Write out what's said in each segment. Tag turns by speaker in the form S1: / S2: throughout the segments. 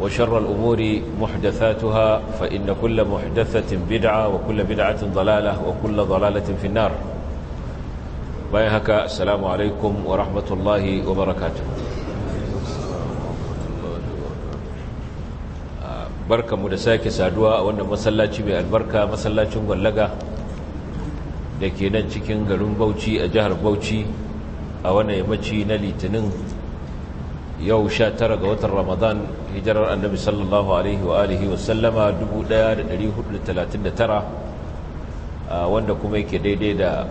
S1: وشر الأمور محدثاتها فإن كل محدثة بدعة وكل بدعة ضلالة وكل ضلالة في النار بيهك السلام عليكم ورحمة الله وبركاته barka mu da sake saduwa a wannan masallaci mai albarka masallacin gwallaga da ke nan cikin garin bauci a jihar bauchi a wannan yammaci na litinin yau sha tara ga watan ramadan hijirar annabi sallallahu alaihi wa alihi wasallama 1439 wanda kuma yake daidai da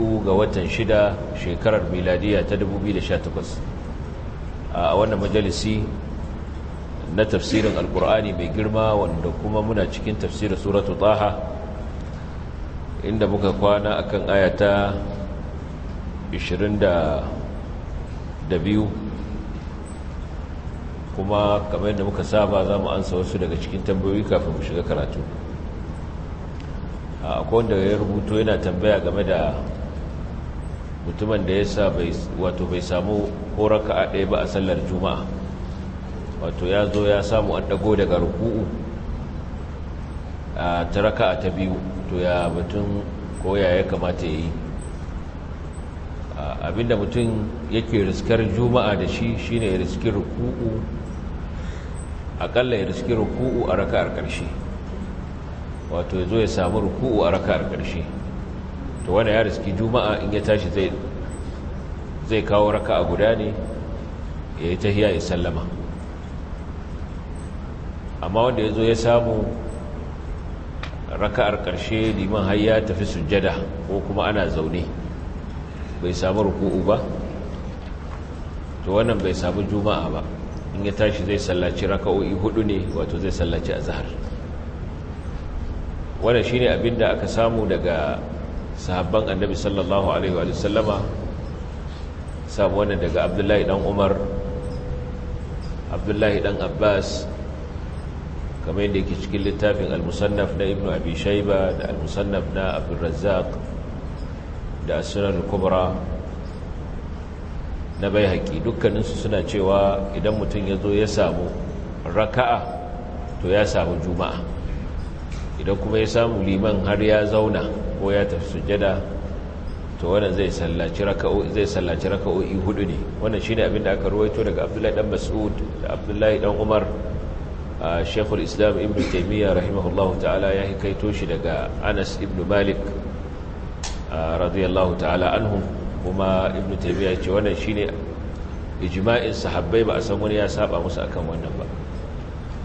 S1: 4 ga watan shida shekarar miladiya ta 2018 a wannan majalisi na tafsirin alkur'ani mai girma wanda kuma muna cikin tafsirin suratu taha inda muka kwana akan ayata 22 kuma kamar yadda muka saba za mu ansa wasu daga cikin tambayoyi kafin mu shiga karatu a da ya rubuto yana tambaya game da mutumin da ya sa wato bai samu horar ka a ɗaya ba a sallar juma'a wato ya zo ya samu an ɗago daga ruku'u a ta raka ta biyu to ya batun koya ya kamata ya yi abinda mutum yake riskar juma'a da shi shine riskin ruku'u akalla ya riski ruku'u a raka'ar ƙarshe wato ya ya samu ruku'u a raka'ar ƙarshe to wanda ya riski juma'a in ya tashi zai zai kawo raka'a guda ne ya yi tahiya ya sallama amma wanda ya zo ya samu raka'ar ƙarshe liman har ya tafi sujjada ko kuma ana zaune bai samu ruku'u ba to wannan bai samu juma'a ba in ya tashi zai sallaci raka'o'i hudu ne wato zai sallaci a zahar wannan shine abin da aka samu daga sahabban annabi sallallahu alaihi wa sallama samu wannan daga abdullahi dan umar abdullahi dan abbas kamar yadda yake cikin littafin al-musannaf na ibnu abi Shaiba da al-musannaf na abdurrazzaq da as kubra na bai haƙi dukkaninsu suna cewa idan mutum ya zo ya samu raka'a to ya samu juma'a idan kuma ya samu liman har ya zauna ko ya tafi sujada to wannan zai sallaci raka'o'i zai sallaci raka'o'i hudu ne wannan shine abin da aka ruwaito daga Abdullahi dan Mas'ud da Abdullahi dan Umar Sheikhul Islam Ibn Taymiyyah rahimahullahu ta'ala ya hikaito shi daga Anas ibn Malik radiyallahu ta'ala anhu kuma ibn taymiya ce wannan shine ijma'in sahabbai ba a san wani ya saba musu akan wannan ba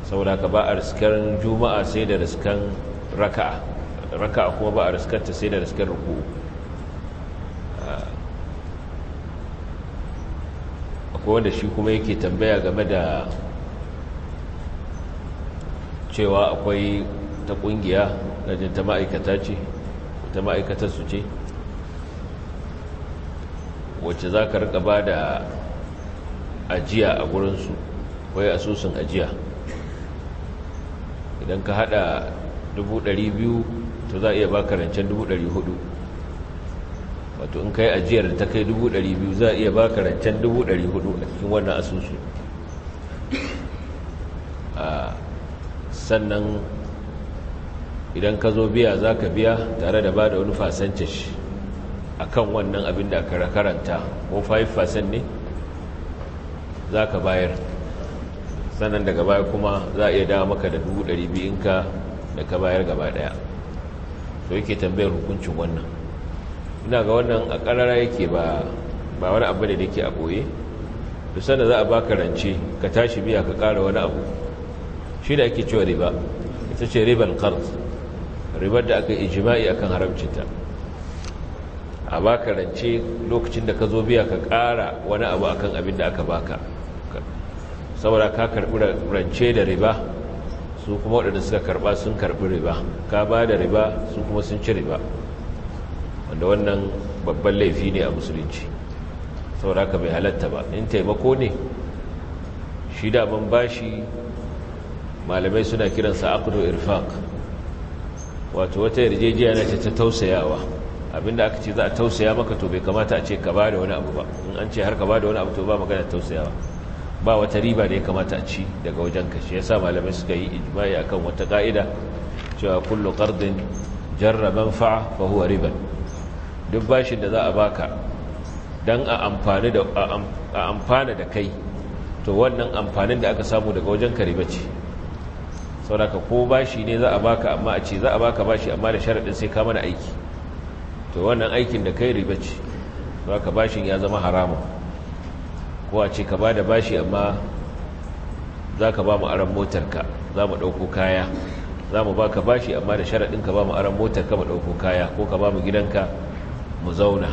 S1: saboda ka ba a riskan juma'a sai da riskan raka'a raka'a kuma ba a riskanta sai da riskan ruku akwai wanda shi kuma yake tambaya game da cewa akwai ta kungiya na ta ma'aikata ce ta ma'aikatar su ce wacce za ka rika ba da ajiya a gurinsu wai asusun ajiya idan ka hada 200,000 to za a iya ba ka rancen 400,000 wato in ka yi ajiyar da ta kai 200,000 za a iya ba ka rancen 400,000 a cikin wannan asusu sannan idan ka zo biya za ka biya tare da ba da wani fasancin shi akan wannan abin da ka karanta ko 5% ne za ka bayar sannan daga baya kuma za a iya dawo maka da 200 ka da ka bayar gaba daya so yake tambayar hukuncin wannan ina ga wannan a karara yake ba ba wani abu da yake a boye duk sanda za a baka rance ka tashi biya ka kara wani abu shi da ake cewa riba ita ce riban qard ribar da aka yi ijma'i akan haramcinta a baka rance lokacin da ka zo biya ka ƙara wani abu akan abin da aka baka saboda ka karɓi rance da riba su kuma waɗanda suka karɓa sun karɓi riba ka ba da riba su kuma sun ci riba wanda wannan babban laifi ne a musulunci saboda ka bai halatta ba in taimako ne shi daman bashi malamai suna kiransa akudu irfak wato wata yarjejiya na ta tausayawa abinda aka ce za a tausaya maka to bai kamata a ce ka ba da wani abu ba in an ce har ka ba da wani abu to ba magana tausaya ba wata riba da ya kamata a ci daga wajen ka shi yasa malamai suka yi ijma'i akan wata ka'ida cewa kullu qardin jarra manfa'a fa huwa riban duk bashin da za a baka dan a amfani da amfana da kai to wannan amfanin da aka samu daga wajen ka riba ce saboda ko bashi ne za a baka amma a ce za a baka bashi amma da sharadin sai ka mana aiki to wannan aikin da kai riba ce ba ka bashin ya zama haramun ko a ce ka ba da bashi amma za ka ba mu aran motarka za mu ɗauko kaya za mu ba ka bashi amma da sharaɗin ka ba mu aran motarka mu ɗauko kaya ko ka ba mu gidanka mu zauna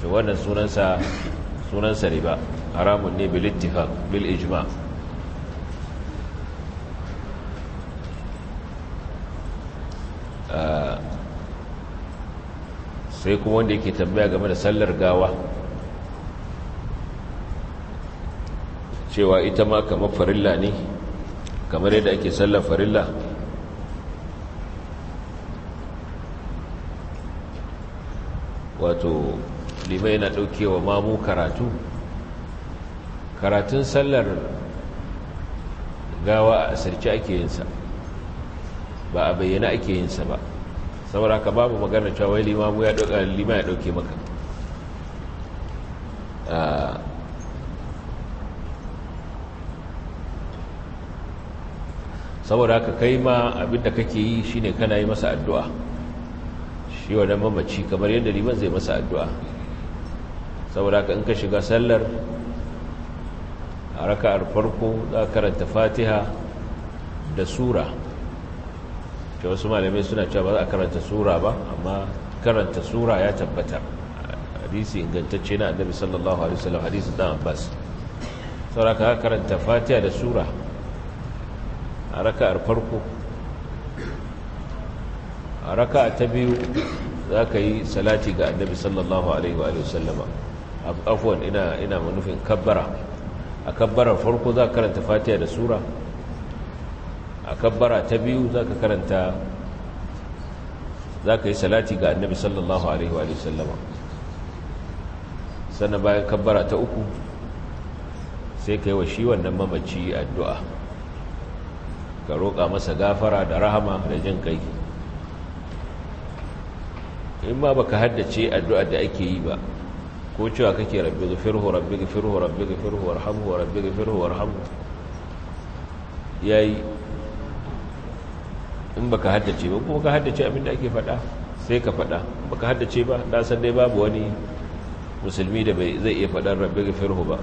S1: to wannan sunansa sunansa riba haramun ne bil ittifaq bil ijma' sai kuma wanda yake tambaya game da sallar gawa cewa ita ma kamar farilla ne kamar yadda ake sallar farilla wato lima yana daukewa mamu karatu karatun sallar gawa a sarki ake yinsa ba a bayyana ake yinsa ba saboda ka babu magana cewa wai limamu ya dauka lima ya dauke maka ah, saboda haka kai ma abinda kake yi shine kana yi masa addu'a shi wannan mamaci kamar yadda liman zai masa addu'a saboda haka in ka shiga sallar a raka'ar farko za ka karanta fatiha da sura da wasu malamai suna cewa ba za a karanta sura ba amma karanta sura ya tabbata hadisi ingantacce na annabi sallallahu alaihi wasallam hadisi dan abbas sauraka karanta fatiha da sura a raka'ar farko a raka'a ta biyu za ka yi salati ga annabi sallallahu alaihi wa sallama afwan ina ina manufin kabbara a kabbarar farko za ka karanta fatiha da sura a kabbara ta biyu za ka karanta za ka yi salati ga annabi sallallahu alaihi wa sallama sannan bayan kabbara ta uku sai ka yi wa shi wannan mamaci addu'a ka roƙa masa gafara da rahama da jin kai in ma ba ka haddace addu'a da ake yi ba ko cewa kake rabbi gafirhu rabbi gafirhu rabbi gafirhu warhamhu rabbi gafirhu ya yi. in baka haddace ba kuma ka haddace abin da ake fada sai ka faɗa baka haddace ba na san dai babu wani musulmi da bai zai iya faɗar rabbi gafirhu ba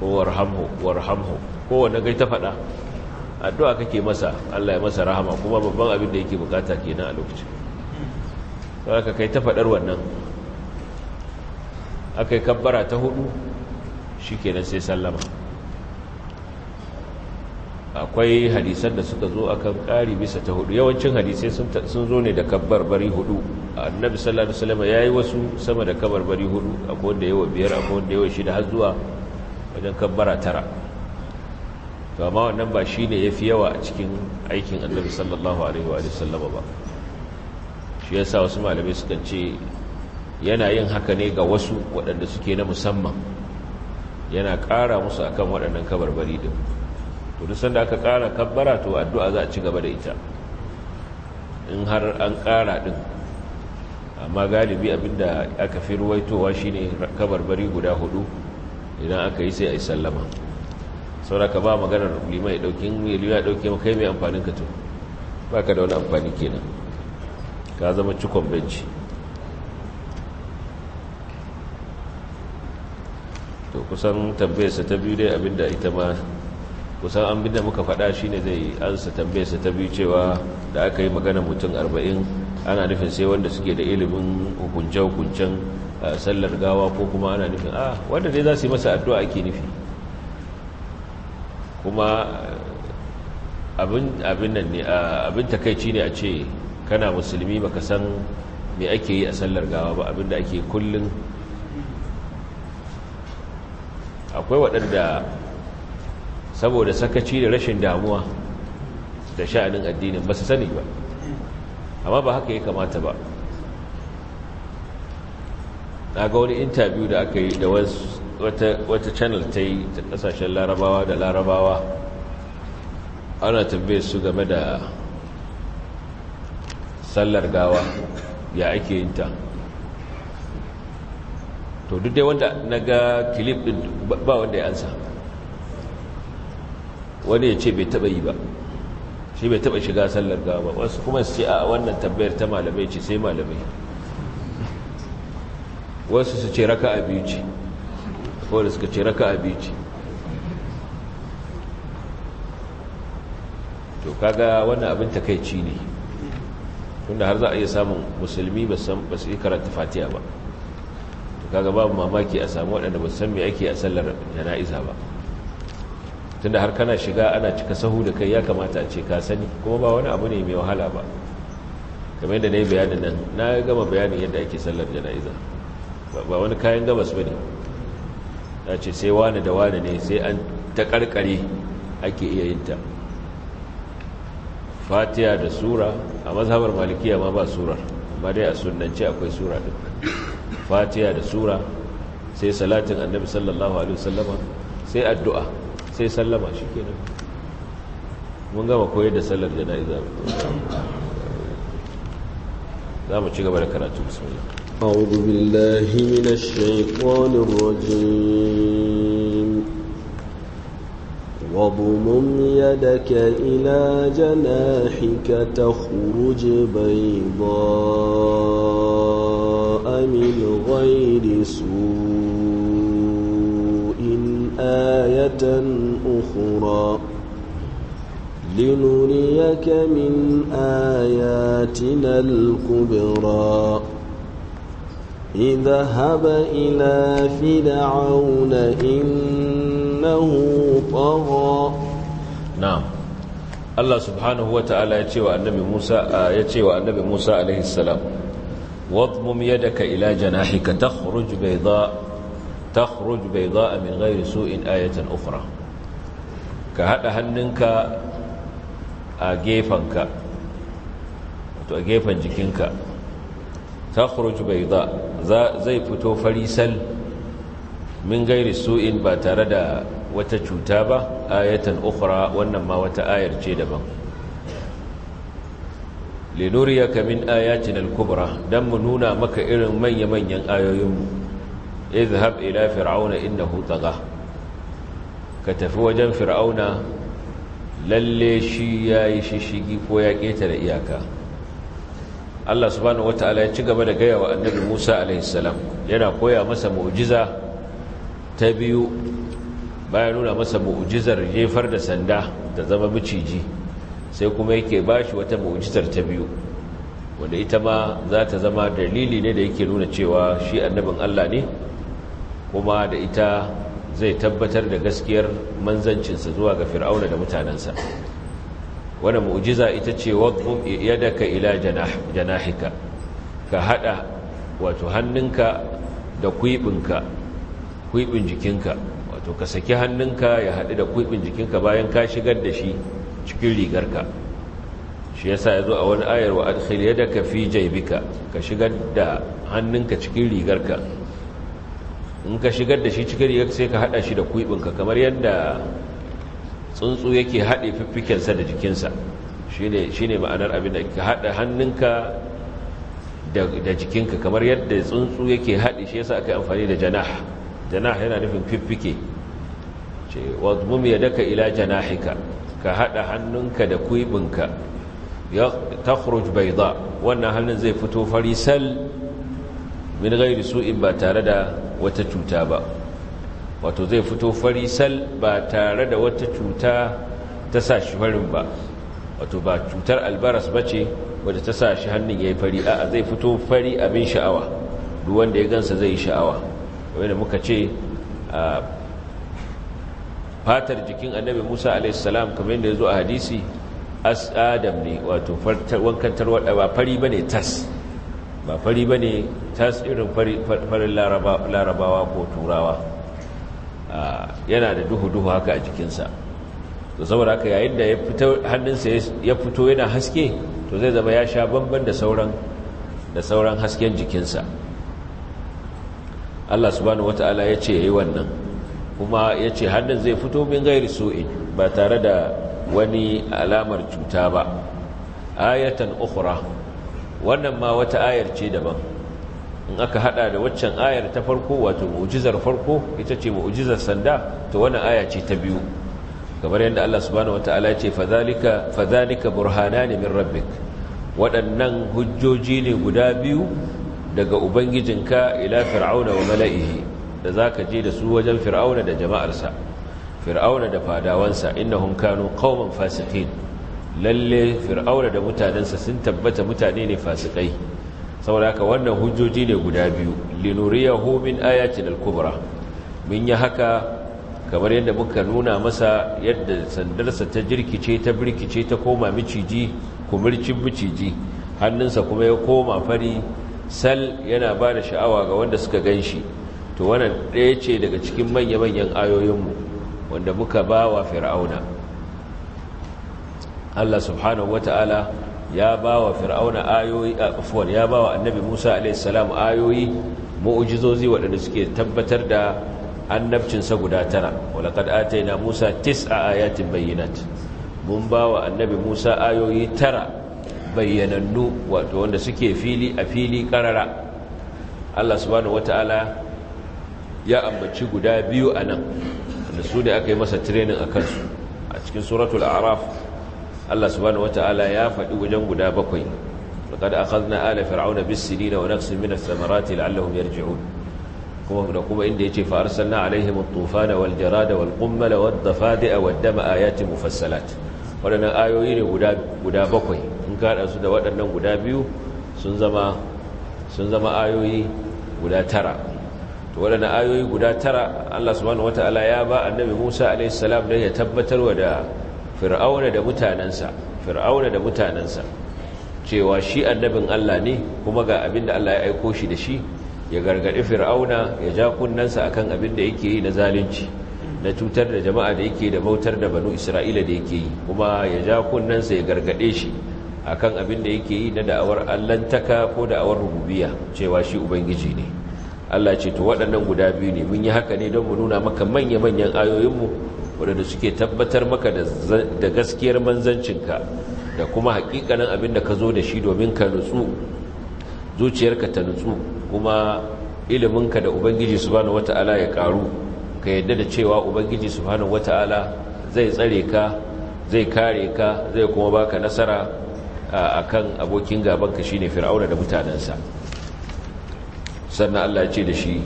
S1: ko warhamhu warhamhu ko wanda kai ta faɗa addu'a kake masa Allah ya masa rahama kuma babban abin da yake bukata kenan a lokacin sai ka kai ta fadar wannan akai kabbara ta hudu shikenan sai sallama akwai hadisan da suka zo akan ƙari bisa ta hudu yawancin hadisai sun zo ne da kabarbari hudu annabi sallallahu alaihi wasallam yayi wasu sama da kabarbari hudu akwai wanda yawa biyar akwai wanda yawa shida har zuwa wajen kabbara tara to amma wannan ba shine yafi yawa a cikin aikin annabi sallallahu alaihi wa sallam ba shi yasa wasu malamai sukan ce yana yin haka ne ga wasu waɗanda suke na musamman yana ƙara musu akan waɗannan kabarbari din to duk sanda aka ƙara kabbara to addu'a za a ci gaba da ita in har an ƙara ɗin amma galibi abinda aka fi ruwaitowa shine kabarbari guda hudu idan aka yi sai a yi sallama sauraka ba maganar liman ya dauki ya dauke maka yi mai amfanin ka ba ka da wani amfani kenan ka zama cikon benci to kusan tambayarsa ta biyu dai abinda ita ma kusan an binda muka faɗa shi ne zai ansa tambayarsa ta biyu cewa da aka yi magana mutum arba'in ana nufin sai wanda suke da ilimin hukunce-hukuncen sallar gawa ko kuma ana nufin a wanda dai za su yi masa addu'a ake nufi kuma abin nan ne abin takaici ne a ce kana musulmi baka san me ake yi a sallar gawa ba abin da ake kullum akwai waɗanda saboda sakaci da rashin damuwa da sha'anin addinin ba su sani ba amma ba haka ya kamata ba na ga wani intabiyu da aka yi da wata channel ta yi ta kasashen larabawa da larabawa ana tambaye su game da sallar gawa ya ake yin ta to duk dai wanda na ga kilif din ba wanda ya ansa wani ya ce bai taba yi ba shi bai taba shiga sallar gawa ba wasu kuma su ce a wannan tambayar ta malamai ce sai malamai wasu su ce raka a biyu ce wadda suka ce raka a biyu ce to kaga wannan abin ta ci ne tunda har za a iya samun musulmi ba su yi karanta fatiya ba to kaga babu mamaki a samu waɗanda ba su san me ake a sallar jana'iza ba tunda har kana shiga ana cika sahu da kai ya kamata a ce ka sani kuma ba wani abu ne mai wahala ba kamar yadda na yi bayanin nan na gama bayanin yadda ake sallar jana'iza ba wani kayan gabas ba ne ta ce sai wane da wane ne sai an taƙarƙare ake iya yin ta fatiya da sura a mazhabar malikiya ma ba surar amma dai a sunance akwai sura ɗin fatiya da sura sai salatin annabi sallallahu alaihi wasallama sai addu'a sai sallama shi kenan mun gama koyar da sallar jana'iza za mu ci gaba da karatu bismillah
S2: أعوذ بالله من الشيطان الرجيم واضمم يدك إلى جناحك تخرج بيضاء من غير سوء آية أخرى لنريك من آياتنا الكبرى اذهب إلى فرعون إنه طغى نعم
S1: الله سبحانه وتعالى يتيوى والنبي موسى يتيوى والنبي موسى عليه السلام واضمم يدك إلى جناحك تخرج بيضاء takhruj bayda'a min ghairi su'in ayatan ukhra ka hada hannunka a gefanka jikinka takhruj bayda zai fito farisal min gairi su'in ba tare da wata cuta ba ayatan ukhra wannan ma wata ayar ce daban linuriyaka min ayatina al-kubra dan mu nuna maka irin manya-manyan ayoyinmu izhab ila fir'auna innahu tagha ka tafi wajen fir'auna lalle shi yayi shishigi ko ya da iyaka Allah subhanahu wataala ya ci gaba da gaya wa annabi Musa alayhi salam yana koya masa mu'jiza ta biyu bayan nuna masa mu'jizar jefar da sanda da zama miciji sai kuma yake bashi wata mu'jizar ta biyu wanda ita ma za ta zama dalili ne da yake nuna cewa shi annabin Allah ne kuma da ita zai tabbatar da gaskiyar manzancinsa zuwa ga fir'auna da mutanensa wadda mu'ujiza ita ce waɗin ka ila janahika ka haɗa wato hannunka da kwiɓinka kwiɓin jikinka wato ka saki hannunka ya haɗu da kwiɓin jikinka bayan ka shigar da shi cikin rigarka shi yasa ya zo a wani ayar wa adkhil yadaka fi jaibika ka shigar da hannunka cikin rigarka in ka shigar da shi cikin rigar sai ka haɗa shi da kuibinka kamar yadda tsuntsu yake haɗe fiffikensa da jikinsa shi ne ma'anar abin da ka haɗa hannunka da jikinka kamar yadda tsuntsu yake haɗe shi yasa aka yi amfani da janah janah yana nufin fiffike ce wadmum ya daka ila janahika ka haɗa hannunka da kuibinka ya bai bayda wannan hannun zai fito farisal min gairi su'in ba tare da wata cuta ba wato zai fito fari sal ba tare da wata cuta ta sa shi farin ba wato ba cutar albaras ba ce wadda ta sa shi hannun ya yi fari a zai fito fari abin sha'awa duwanda ya gansa zai yi sha'awa da muka ce a fatar jikin annabi musa alaihissalam kamar yadda ya zo a hadisi as adam ne wato wankan tarwada ba fari ba ne tas ba fari ba ne tasirin farin larabawa ko turawa yana da duhu-duhu haka a jikinsa to saboda haka yayin da hannunsa ya fito yana haske to zai zama ya sha banban da sauran hasken jikinsa Allah subhanahu wata'ala ya ce ya yi wannan kuma ya ce hannun zai fito min gairi su'in ba tare da wani alamar cuta ba ayatan ukhra wannan ma wata ayar ce daban in aka hada da waccan ayar ta farko wato mu'jizar farko ita ce mu'jizar sanda to wannan aya ce ta biyu kamar yadda Allah subhanahu wataala ya ce fadhalika fadhalika burhanani min rabbik waɗannan hujjoji ne guda biyu daga ubangijinka ila fir'auna wa mala'ihi da zaka je da su wajen fir'auna da jama'arsa fir'auna da fadawansa innahum kanu qauman fasiqin lalle fir'auna da mutanensa sun tabbata mutane ne fasikai saboda haka wannan hujjoji ne guda biyu linuriya min ayatin al-kubra mun yi haka kamar yadda muka nuna masa yadda sandarsa ta jirkice ta birkice ta koma miciji kumircin miciji hannunsa kuma ya koma fari sal yana ba da sha'awa ga wanda suka gan shi to wannan ɗaya ce daga cikin manya-manyan ayoyinmu wanda muka ba wa fir'auna Allah subhanahu wata'ala ya bawa fir'auna ayoyi afwan ya bawa annabi Musa alaihi salam ayoyi mu'jizozi waɗanda suke tabbatar da annabcinsa guda tara walaqad ataina Musa tis'a ayatin bayyinat mun bawa annabi Musa ayoyi tara bayyanannu wato wanda suke fili a fili karara Allah subhanahu wata'ala ya ambaci guda biyu anan da su da aka yi masa training a kansu a cikin suratul a'raf Allah subhanahu wataala ya faɗi wajen guda bakwai ala fir'auna bis-sinina wa naqsin kuma da kuma inda yace fa arsalna alaihim tufana wal-jarada wal-qummala wad dama mufassalat waɗannan ayoyi ne guda bakwai in su da waɗannan guda biyu sun zama ayoyi guda tara to waɗannan ayoyi guda tara Allah subhanahu wataala ya ba annabi Musa alaihi salam dan ya tabbatar wa da fir'auna da mutanensa fir'auna da mutanensa cewa shi annabin Allah ne kuma ga abin da Allah ya aiko shi da shi ya gargadi fir'auna ya ja kunnansa akan abinda da yake yi na zalunci na cutar da jama'a da yake da bautar da banu isra'ila da yake yi kuma ya ja kunnansa ya gargade shi akan abinda da yake yi na da'awar allantaka ko da'awar rububiya cewa shi ubangiji ne Allah ce to waɗannan guda biyu ne mun yi haka ne don mu nuna maka manya-manyan ayoyinmu waɗanda suke tabbatar maka da gaskiyar manzancinka da kuma hakikanin abin da ka zo da shi domin ka nutsu zuciyarka ta nutsu kuma iliminka da ubangiji subhanahu wata'ala ya ƙaru ka yadda da cewa ubangiji subhanahu wata'ala zai tsare ka zai kare ka zai kuma ba ka nasara a kan abokin gabanka ne fir'auna da mutanensa sannan Allah ce da shi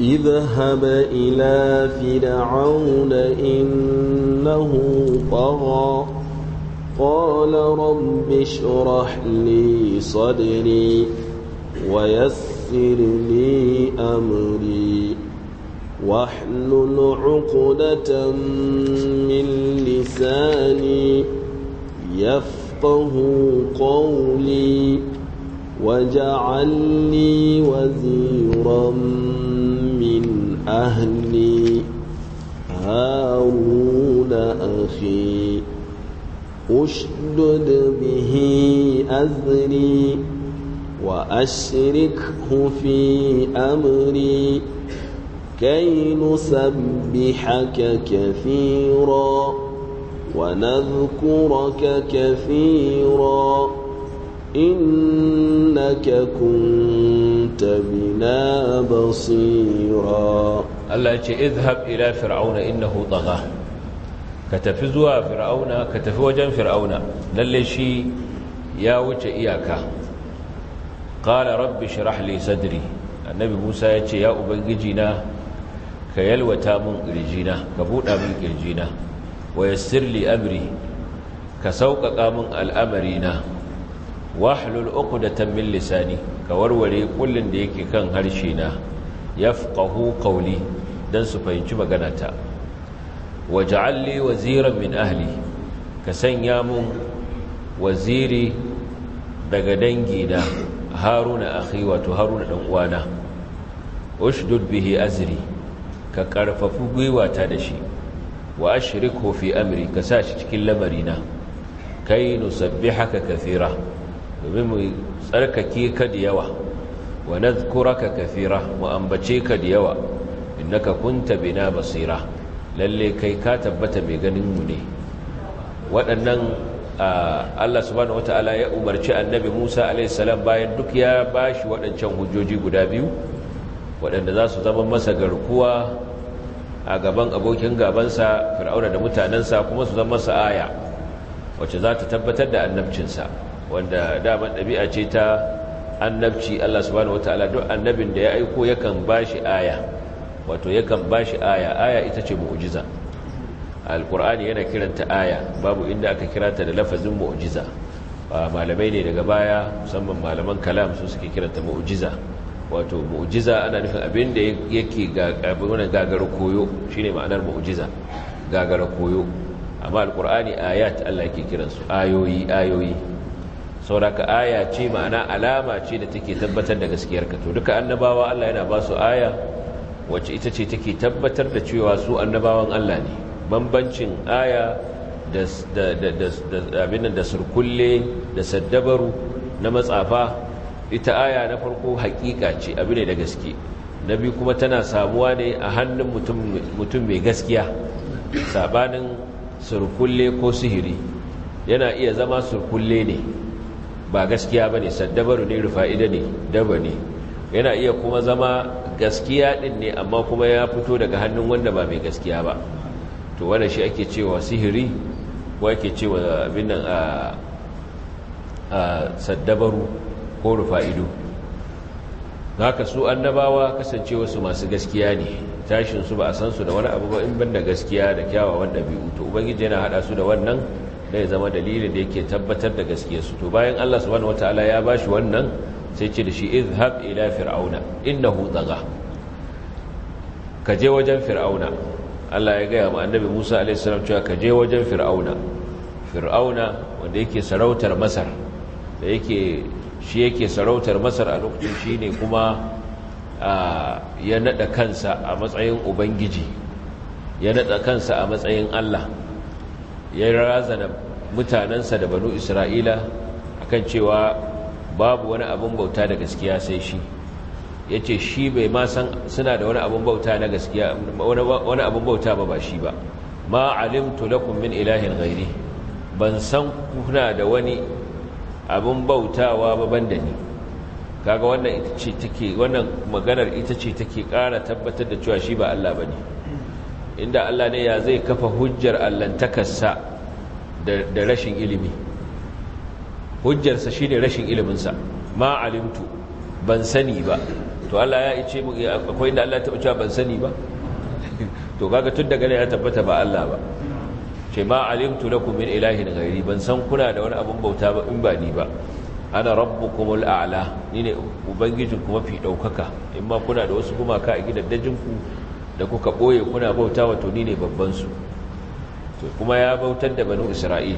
S2: اذهب إلى فرعون إنه طغى قال رب اشرح لي صدري ويسر لي أمري واحلل عقدة من لساني يفقه قولي واجعل لي وزيرا أهلي هارون أخي أشدد به أذري وأشركه في أمري كي نسبحك كثيرا ونذكرك كثيرا innaka kunta bina basira
S1: Allah ya ce izhab ila fir'auna in innahu tagha ka tafi zuwa fir'auna ka tafi wajen fir'auna Lallai shi ya wuce iyaka qala rabbi shrah li sadri annabi Musa ya ce ya ubangiji na ka yalwata min kirjina ka buɗa min kirjina wa yassir li amri ka sauƙaƙa min al'amarina uku da min lisani ka warware kullum da yake kan harshe na yafqahu kauli dan su fahimci maganata waj'al li waziran min ahli ka sanya mun waziri daga dangi na haruna akhi wato haruna dan uwana ushdud bihi azri ka karfafu gwiwata da shi wa ashrikhu fi amri ka sa shi cikin lamarina kai haka kathira domin mu tsarkake ka da yawa wa nadhkuraka kathira mu ambace ka da yawa innaka kunta bina basira lalle kai ka tabbata mai ganin mu ne waɗannan Allah subhanahu wataala ya umarci annabi Musa alaihi salam bayan duk ya bashi waɗancan hujjoji guda biyu waɗanda za su zama masa garkuwa a gaban abokin gabansa fir'auna da mutanensa kuma su zama masa aya wacce za ta tabbatar da annabcinsa wanda damar ɗabi'a ce ta annabci Allah subhanahu wataala duk annabin da ya aiko yakan bashi aya wato yakan bashi aya aya ita ce mu'jiza alqur'ani yana kiranta aya babu inda aka kirata da lafazin mu'jiza malamai ne daga baya musamman malaman kalam su suke kiranta mu'jiza wato mu'jiza ana nufin abin da yake gagara koyo shine ma'anar mu'jiza gagara koyo amma alqur'ani ayat Allah yake kiransu ayoyi ayoyi sauraka aya ce ma'ana alama ce da take tabbatar da gaskiyarka to duka annabawa Allah yana ba su aya wacce ita ce take tabbatar da cewa su annabawan Allah ne bambancin aya da surkulle da saddabaru na matsafa ita aya na farko hakika ce abu ne da gaske na biyu kuma tana samuwa ne a hannun mutum mai gaskiya sabanin surkulle ko sihiri yana iya zama surkulle ne ba gaskiya ba ne saddabaru ne rufa'ida ne daba ne yana iya kuma zama gaskiya ɗin ne amma kuma ya fito daga hannun wanda ba mai gaskiya ba to wanda shi ake cewa sihiri ko ake cewa abin nan a saddabaru ko rufa'ido haka su annabawa kasancewa su masu gaskiya ne su ba a san su da wani abu ba in banda gaskiya da kyawawan ɗabi'u to ubangiji yana haɗa su da wannan Zai zama dalilin da yake tabbatar da gaskiya su to bayan Allah subhanahu wataala ya bashi wannan sai ce da shi izhab ila fir'auna innahu tagha ka je wajen fir'auna Allah ya gaya wa annabi Musa alaihi salam cewa ka je wajen fir'auna fir'auna wanda yake sarautar Masar da yake shi yake sarautar Masar a lokacin shine kuma ya nada kansa a matsayin ubangiji ya nada kansa a matsayin Allah ya razana mutanensa da banu isra'ila kan cewa babu wani abin bauta da gaskiya sai shi ya ce shi bai ma san suna da wani abin bauta na gaskiya wani abin bauta ba ba shi ba ma alimtu lakum min ilahin gairi ban san kuna da wani abin bautawa ba banda ni kaga wannan maganar ita ce take ƙara tabbatar da cewa shi ba Allah bane inda Allah ne ya zai kafa hujjar allantakarsa da rashin ilimi hujjarsa shi ne rashin iliminsa ma alimtu ban sani ba to Allah ya ce akwai inda Allah taɓa cewa ban sani ba to kaga tun daga ya tabbata ba Allah ba ce ma alimtu lakum min ilahin ghairi ban san kuna da wani abun bauta ba in ba ni ba ana rabbukumul a'la ni ne ubangijinku mafi daukaka in ma kuna da wasu gumaka a gidaddajinku da kuka ɓoye kuna bauta wa tuni ne babbansu to kuma ya bautar da banu isra'il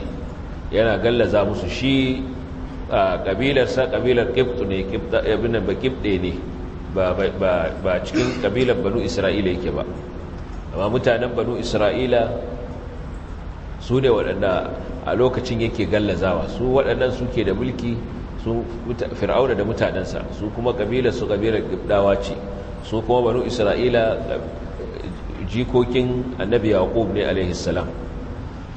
S1: yana gallaza musu shi a ƙabilarsa ƙabilar ƙibtu ne abin da ba ƙibɗe ne ba cikin ƙabilar banu isra'ila yake ba amma mutanen banu isra'ila su ne waɗanda a lokacin yake gallazawa su waɗannan suke da mulki su fir'auna da mutanensa su kuma ƙabilar su ƙabilar ƙibɗawa ce su kuma banu isra'ila jikokin annabi yaqub ne alaihi salam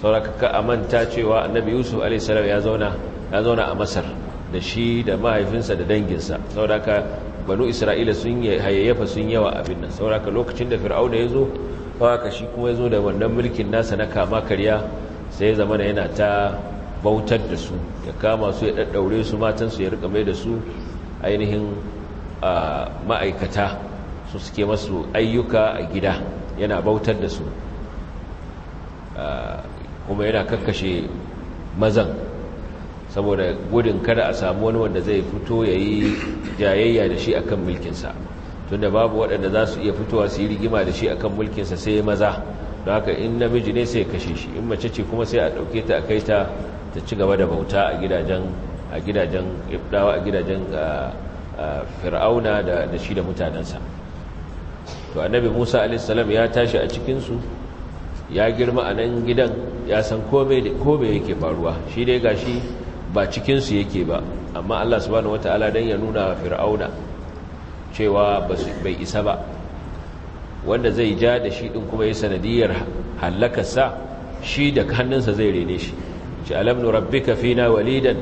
S1: saboda ka amanta cewa annabi yusuf alaihi salam ya zauna ya zauna a masar da shi da mahaifinsa da danginsa sauraka banu isra'ila sun hayayyafa sun yawa abin nan sauraka lokacin da fir'auna ya zo haka shi kuma ya zo da wannan mulkin nasa na kama karya sai ya zama yana ta bautar da su ya kama su ya daddaure su matan su ya rika mai da su ainihin ma'aikata su suke masu ayyuka a gida yana bautar da su kuma yana kakkashe mazan saboda gudun kada a samu wani wanda zai fito ya yi jayayya da shi akan mulkinsa tunda babu waɗanda za su iya fitowa su yi rigima da shi akan mulkinsa sai maza don haka in namiji ne sai kashe shi in mace ce kuma sai a ɗauke ta a kai ta ta ci gaba da bauta a gidajen a gidajen ibdawa a gidajen fir'auna da shi da mutanensa to annabi musa salam ya tashi a cikinsu ya girma a nan gidan ya san kome yake faruwa shi dai gashi ba cikinsu yake ba amma allah subhanahu wataala don ya nuna fir'auna cewa bai isa ba wanda zai ja da shi din kuma ya sanadiyar sa shi da hannunsa zai rene shi ce alamnu rabbika fina walidan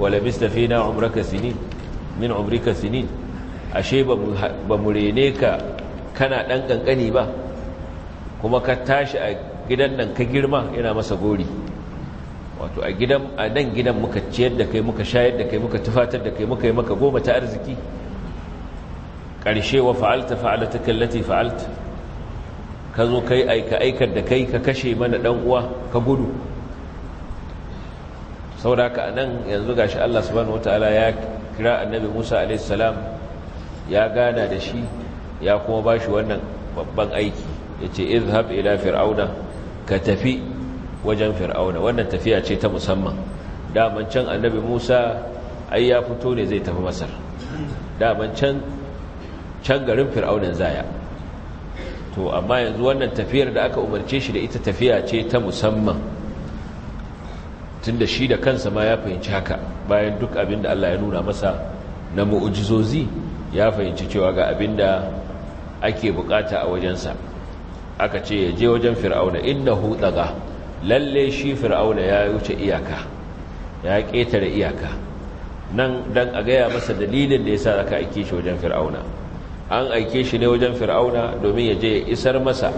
S1: wala mista fina umraka sinin min umrika sinin ashe ba mu rene ka kana ɗan ƙanƙani ba kuma ka tashi a gidan nan ka girma yana masa gori wato a gidan a nan gidan muka ciyar da kai muka shayar da kai muka tufatar da kai muka yi maka goma ta arziki ƙarshe wa fa'alta fa'alata kallati fa'alta ka zo kai aika aikar da kai ka kashe mana ɗan uwa ka gudu sauraka a nan yanzu gashi Allah subhanahu wataala ya kira annabi Musa alaihi ya gana da shi ya kuma ba shi wannan babban aiki ya ce izhab ila fir'auna ka tafi wajen fir'auna wannan tafiya ce ta musamman daman can annabi musa ai ya fito ne zai tafi masar daman can can garin fir'aunin zaya to amma yanzu wannan tafiyar da aka umarce shi da ita tafiya ce ta musamman tunda shi da kansa ma ya fahimci haka bayan duk abin da Allah ya nuna masa na mu'ujizozi ya fahimci cewa ga abin da ake bukata a wajensa aka ce ya je wajen fir'auna inda hutsaga, lalle shi fir'auna ya wuce iyaka ya ƙetare iyaka nan don a gaya masa dalilin da ya sa aka aike shi wajen fir'auna an aike shi ne wajen fir'auna domin ya je ya isar masa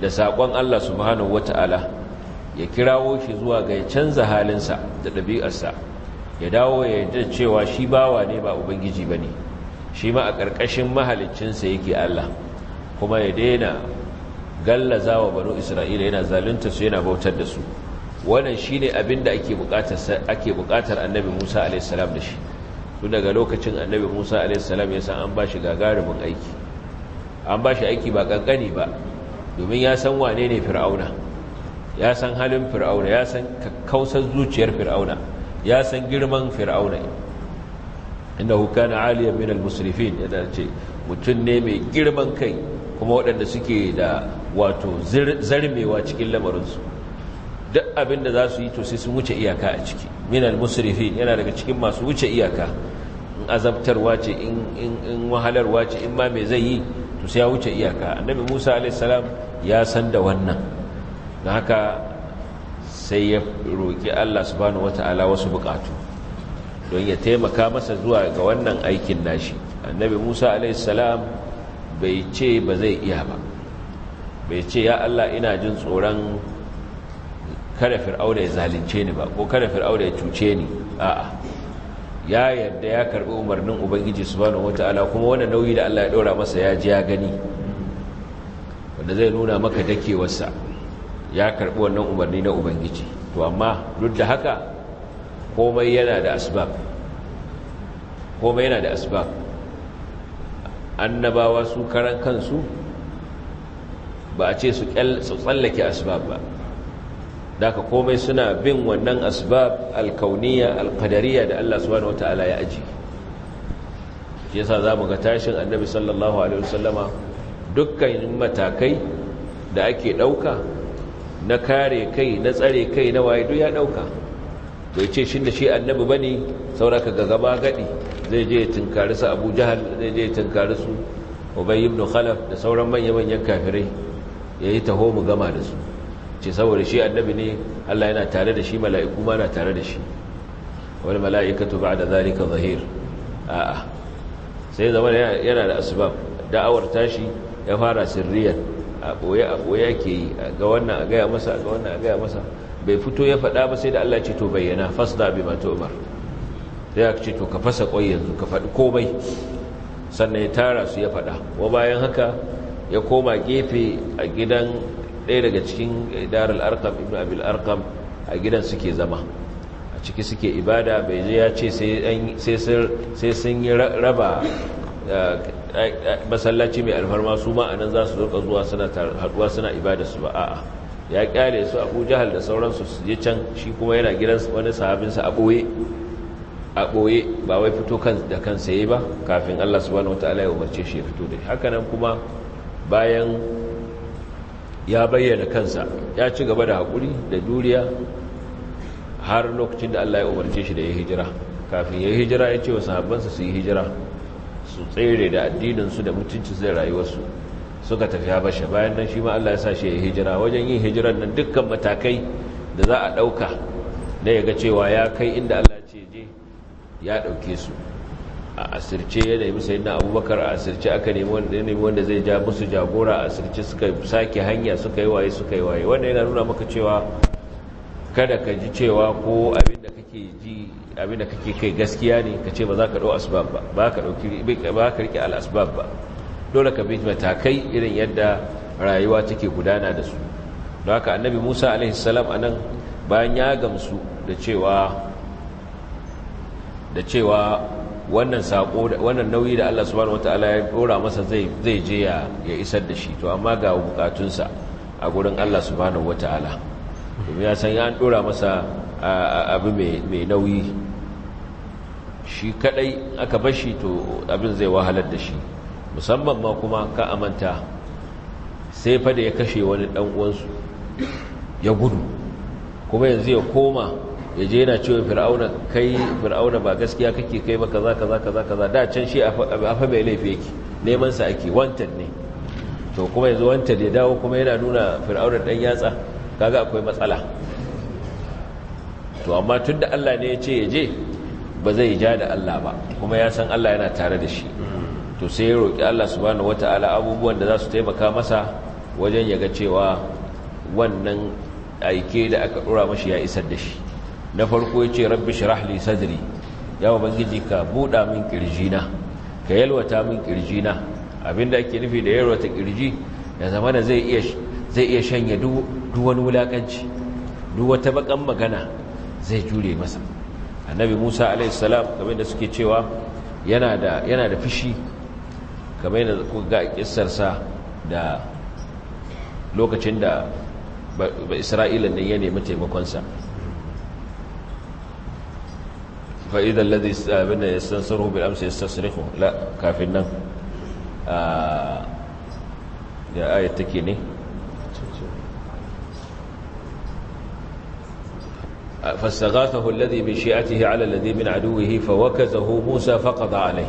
S1: da saƙon Allah su subhanahu wataala ya kirawo shi zuwa ga ya canza halinsa da ɗabi'arsa ya dawo ya yarda cewa shi bawa ne ba ubangiji bane shi ma a ƙarƙashin mahalicinsa yake Allah kuma ya daina gallaza wa banu isra'ila yana zalunta su yana bautar da su wannan shi ne abin da ake buƙatar annabi musa a.s. da shi su daga lokacin annabi musa a.s. ya san an ba shi gagarumin aiki an ba shi aiki ba ƙanƙani ba domin ya san wane ne fir'auna ya san halin fir'auna ya san kakkausar zuciyar fir'auna ya san girman fir'auna inda hukana aliyar min al-musrifin yana ce mutum ne mai girman kai kuma waɗanda suke da wato zarmewa cikin lamarinsu duk abin da za su yi to sai sun wuce iyaka a ciki min al-musrifin yana daga cikin masu wuce iyaka in azabtarwa ce in wahalarwa ce in ma mai zai yi to sai ya wuce iyaka annabi Musa alayhis ya san da wannan na haka sai ya roƙi Allah subhanahu wata'ala wasu buƙatu don ya taimaka masa zuwa ga wannan aikin nashi annabi musa alaihissalam bai ce ba zai iya ba bai ce ya allah ina jin tsoron kada fir'auna ya zalunce ni ba ko kada fir'auna ya cuce ni a'a ya yarda ya karbi umarnin ubangiji subhanahu wataala kuma wani nauyi da allah ya ɗora masa ya ji ya gani wanda zai nuna maka dakewarsa ya karbi wannan umarni na ubangiji to amma duk da haka komai yana da asbab komai yana da asbab annabawa su karan kansu ba a ce su tsallake asbab ba daga komai suna bin wannan asbab alkauniya alkadariya da Allah subhanahu wataala ya aji shi yasa zamu ga tashin annabi sallallahu alaihi wasallama dukkan matakai da ake ɗauka na kare kai na tsare kai na waye duk ya ɗauka. bai ce shi da shi annabi ba ne sauraka ga gaba gadi zai je ya tunkari su abu jihar zai je ya tunkari su ubai ibn khalaf da sauran manya-manyan kafirai ya yi taho mu gama da su ce saboda shi annabi ne allah yana tare da shi mala'iku ma na tare da shi wani mala'ikatu ba da zalika zahir a'a sai zama yana da asbab da'awar tashi ya fara sirriyar a ɓoye a ɓoye ke yi ga wannan a gaya masa a ga wannan a gaya masa bai fito ya faɗa ba sai da Allah ce to bayyana fasda bi mata sai aka ce to ka fasa kwai yanzu ka faɗi komai sannan ya tara su ya faɗa wa bayan haka ya koma gefe a gidan ɗaya daga cikin darul arkam ibn abil arkam a gidan suke zama a ciki suke ibada bai je ya ce sai sun yi raba eh, eh, masallaci mai alfarma su ma a nan za su zuwa suna haɗuwa suna ibada su ba a'a ya kyale su abu jahal da sauransu su je can shi kuma yana gidan wani sahabinsa a ɓoye a ɓoye ba wai fito da kan saye ba kafin allah subhanahu wa ta'ala ya umarce shi ya fito da hakanan kuma bayan ya bayyana kansa ya ci gaba da haƙuri da juriya har lokacin da allah ya umarce shi da ya hijira kafin ya hijira ya ce wa sahabbansa su yi hijira su tsere da addininsu da su zai rayuwarsu suka tafi habasha bayan nan shi ma Allah ya sa shi ya hijira wajen yin hijiran nan dukkan matakai da za a ɗauka na ya ga cewa ya kai inda Allah ce je ya ɗauke su a asirce ya nemi sayi abubakar a asirce aka nemi wanda zai ja musu jagora a asirce suka sake hanya suka yi waye suka yi waye wanda yana nuna maka cewa kada ka ji cewa ko abin da kake kai gaskiya ne ka ce ba za ka ɗau asibab ba ba ka ɗauki ba al'asbab ba dole ka bi matakai irin yadda rayuwa take gudana da su don haka annabi musa alaihissalam a nan bayan ya gamsu da cewa da cewa wannan sako wannan nauyi da Allah subhanahu wataala ya dora masa zai je ya isar da shi to amma ga bukatunsa a gurin Allah subhanahu wataala domin ya san ya dora masa abu mai nauyi shi kadai aka bar shi to abin zai wahalar da shi musamman ma kuma ka amanta sai fa da ya kashe wani dan uwansu ya gudu kuma yanzu ya koma ya je yana cewa fir'auna kai fir'auna ba gaskiya kake kai ba kaza kaza kaza kaza da can shi a fa mai laifi yake neman sa ake wanted ne to kuma yanzu wanted ya dawo kuma yana nuna fir'auna dan yatsa kaga akwai matsala to amma tunda Allah ne ya ce ya je ba zai ja da Allah ba kuma ya san Allah yana tare da shi to sai ya roƙi Allah su bani wata ala abubuwan da za su taimaka masa wajen ya ga cewa wannan aike da aka ɗora mashi ya isar da shi na farko ya ce rabbi shirah li sadri ya bangiji ka buɗa min ƙirjina ka yalwata min ƙirjina abinda ake nufi da yalwata ƙirji ya zama da zai iya zai iya shanye duk wani wulaƙanci duk wata baƙan magana zai jure masa annabi musa alaihissalam game da suke cewa yana da yana da fushi kamar yadda kuka ga kissarsa da lokacin da ba isra'ila ne ya nemi taimakonsa fa'ida lalazi abin da ya sansaru bil amsa ya sassarihu la kafin nan da ayat take ne فاستغاثه الذي من شيعته على الذي من عدوه فوكزه موسى فقضى عليه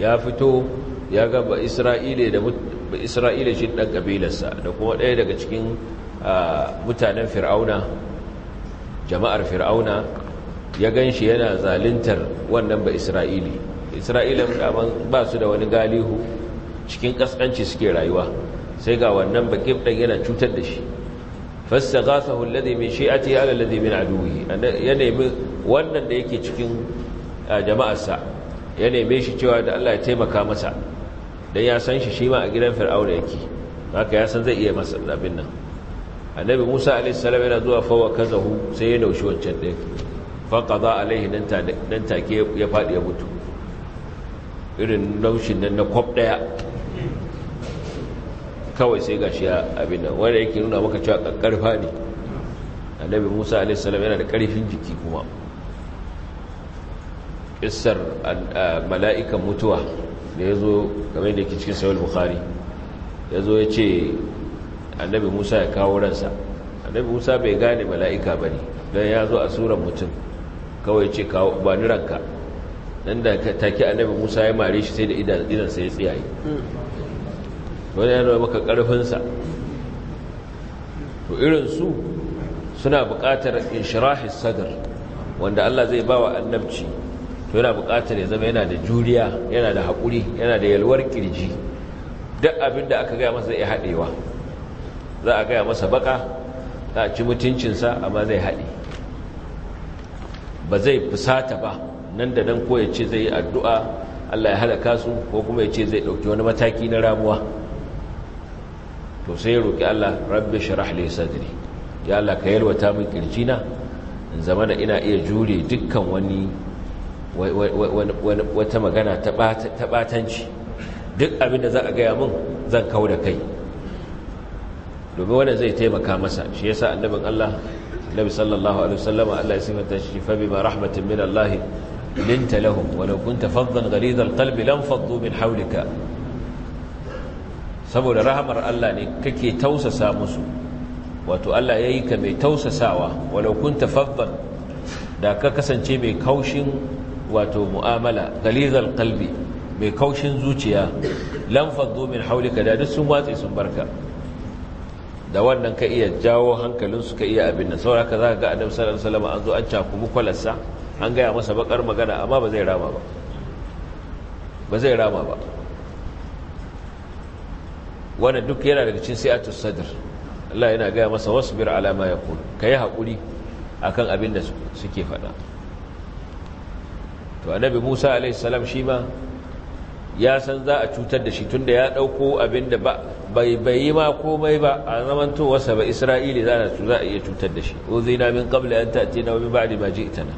S1: ya fito ya ga ba isra'ile da shi dan kabilarsa da kuma ɗaya daga cikin mutanen fir'auna jama'ar fir'auna ya ganshi yana zalintar wannan ba isra'ili isra'ila ba su da wani galihu cikin kaskanci suke rayuwa sai ga wannan bakin dan yana cutar da shi fastaghathahu alladhi min shi'ati ala alladhi min aduwwi ya nemi wannan da yake cikin jama'arsa ya neme shi cewa da Allah ya taimaka masa don ya san shi shi ma a gidan fir'auna yake haka ya san zai iya masa abin nan annabi Musa alaihi yana zuwa fawa kazahu sai ya naushi wancan ɗaya faƙa za nan ta nan take ya faɗi ya mutu irin naushin nan na kwab ɗaya kawai sai shi ya abin nan wanda yake nuna maka cewa kakkarfa ne annabi Musa alaihi yana da ƙarfin jiki kuma isar mala'ikan mutuwa da ya zo game da yake cikin sayar bukari ya zo ya ce annabi musa ya kawo ransa annabi musa bai gane mala'ika ba ne don ya zo a tsoron mutum kawai ce ba ni ranka don da take annabi musa ya mare shi sai da idansa ya tsiyaye wani yana maka ƙarfinsa to irinsu suna buƙatar inshirahis sadar wanda allah zai ba wa annabci to yana buƙatar ya zama yana da juriya yana da haƙuri yana da yalwar kirji duk abin da aka gaya masa zai haɗewa za a gaya masa baka za a ci mutuncinsa amma zai haɗe ba zai fusata ba nan da nan ko ya ce zai yi addu'a Allah ya halaka su ko kuma ya ce zai ɗauki wani mataki na ramuwa to sai ya roƙi Allah rabbi shirah le sadri ya Allah ka yalwata min kirjina in zama da ina iya jure dukkan wani wata magana ta batanci duk abinda za a gaya mun zan kau da kai domin wannan zai taimaka masa shi yasa annabin Allah annabi sallallahu alaihi Allah ya sifanta shi fa rahmatin min Allah linta lahum wa law kunta faddan ghalid alqalb lam faddu min hawlika saboda rahmar Allah ne kake tausasa musu wato Allah yayi ka mai tausasawa walau kunta faddan da ka kasance mai kaushin wato mu'amala galizal qalbi mai kaushin zuciya lan faddu min hawlika da duk sun watse sun barka da wannan ka iya jawo hankalin su ka iya abin nan saboda ka zaka ga annabi sallallahu alaihi wasallam an zo an cakubu kwalarsa an gaya masa bakar magana amma ba zai rama ba ba zai rama ba wannan duk yana daga cikin si'atus sadr Allah yana gaya masa wasbir ala ma yaqul kai hakuri akan abin da suke faɗa to annabi musa alaihissalam shi ma ya san za a cutar da shi tunda ya ɗauko abinda ba bai bayi ma komai ba a zamantowarsa ba isra'ili za a iya cutar da shi uzina min qabla an ta'tina wa min ba'di ma ji'tana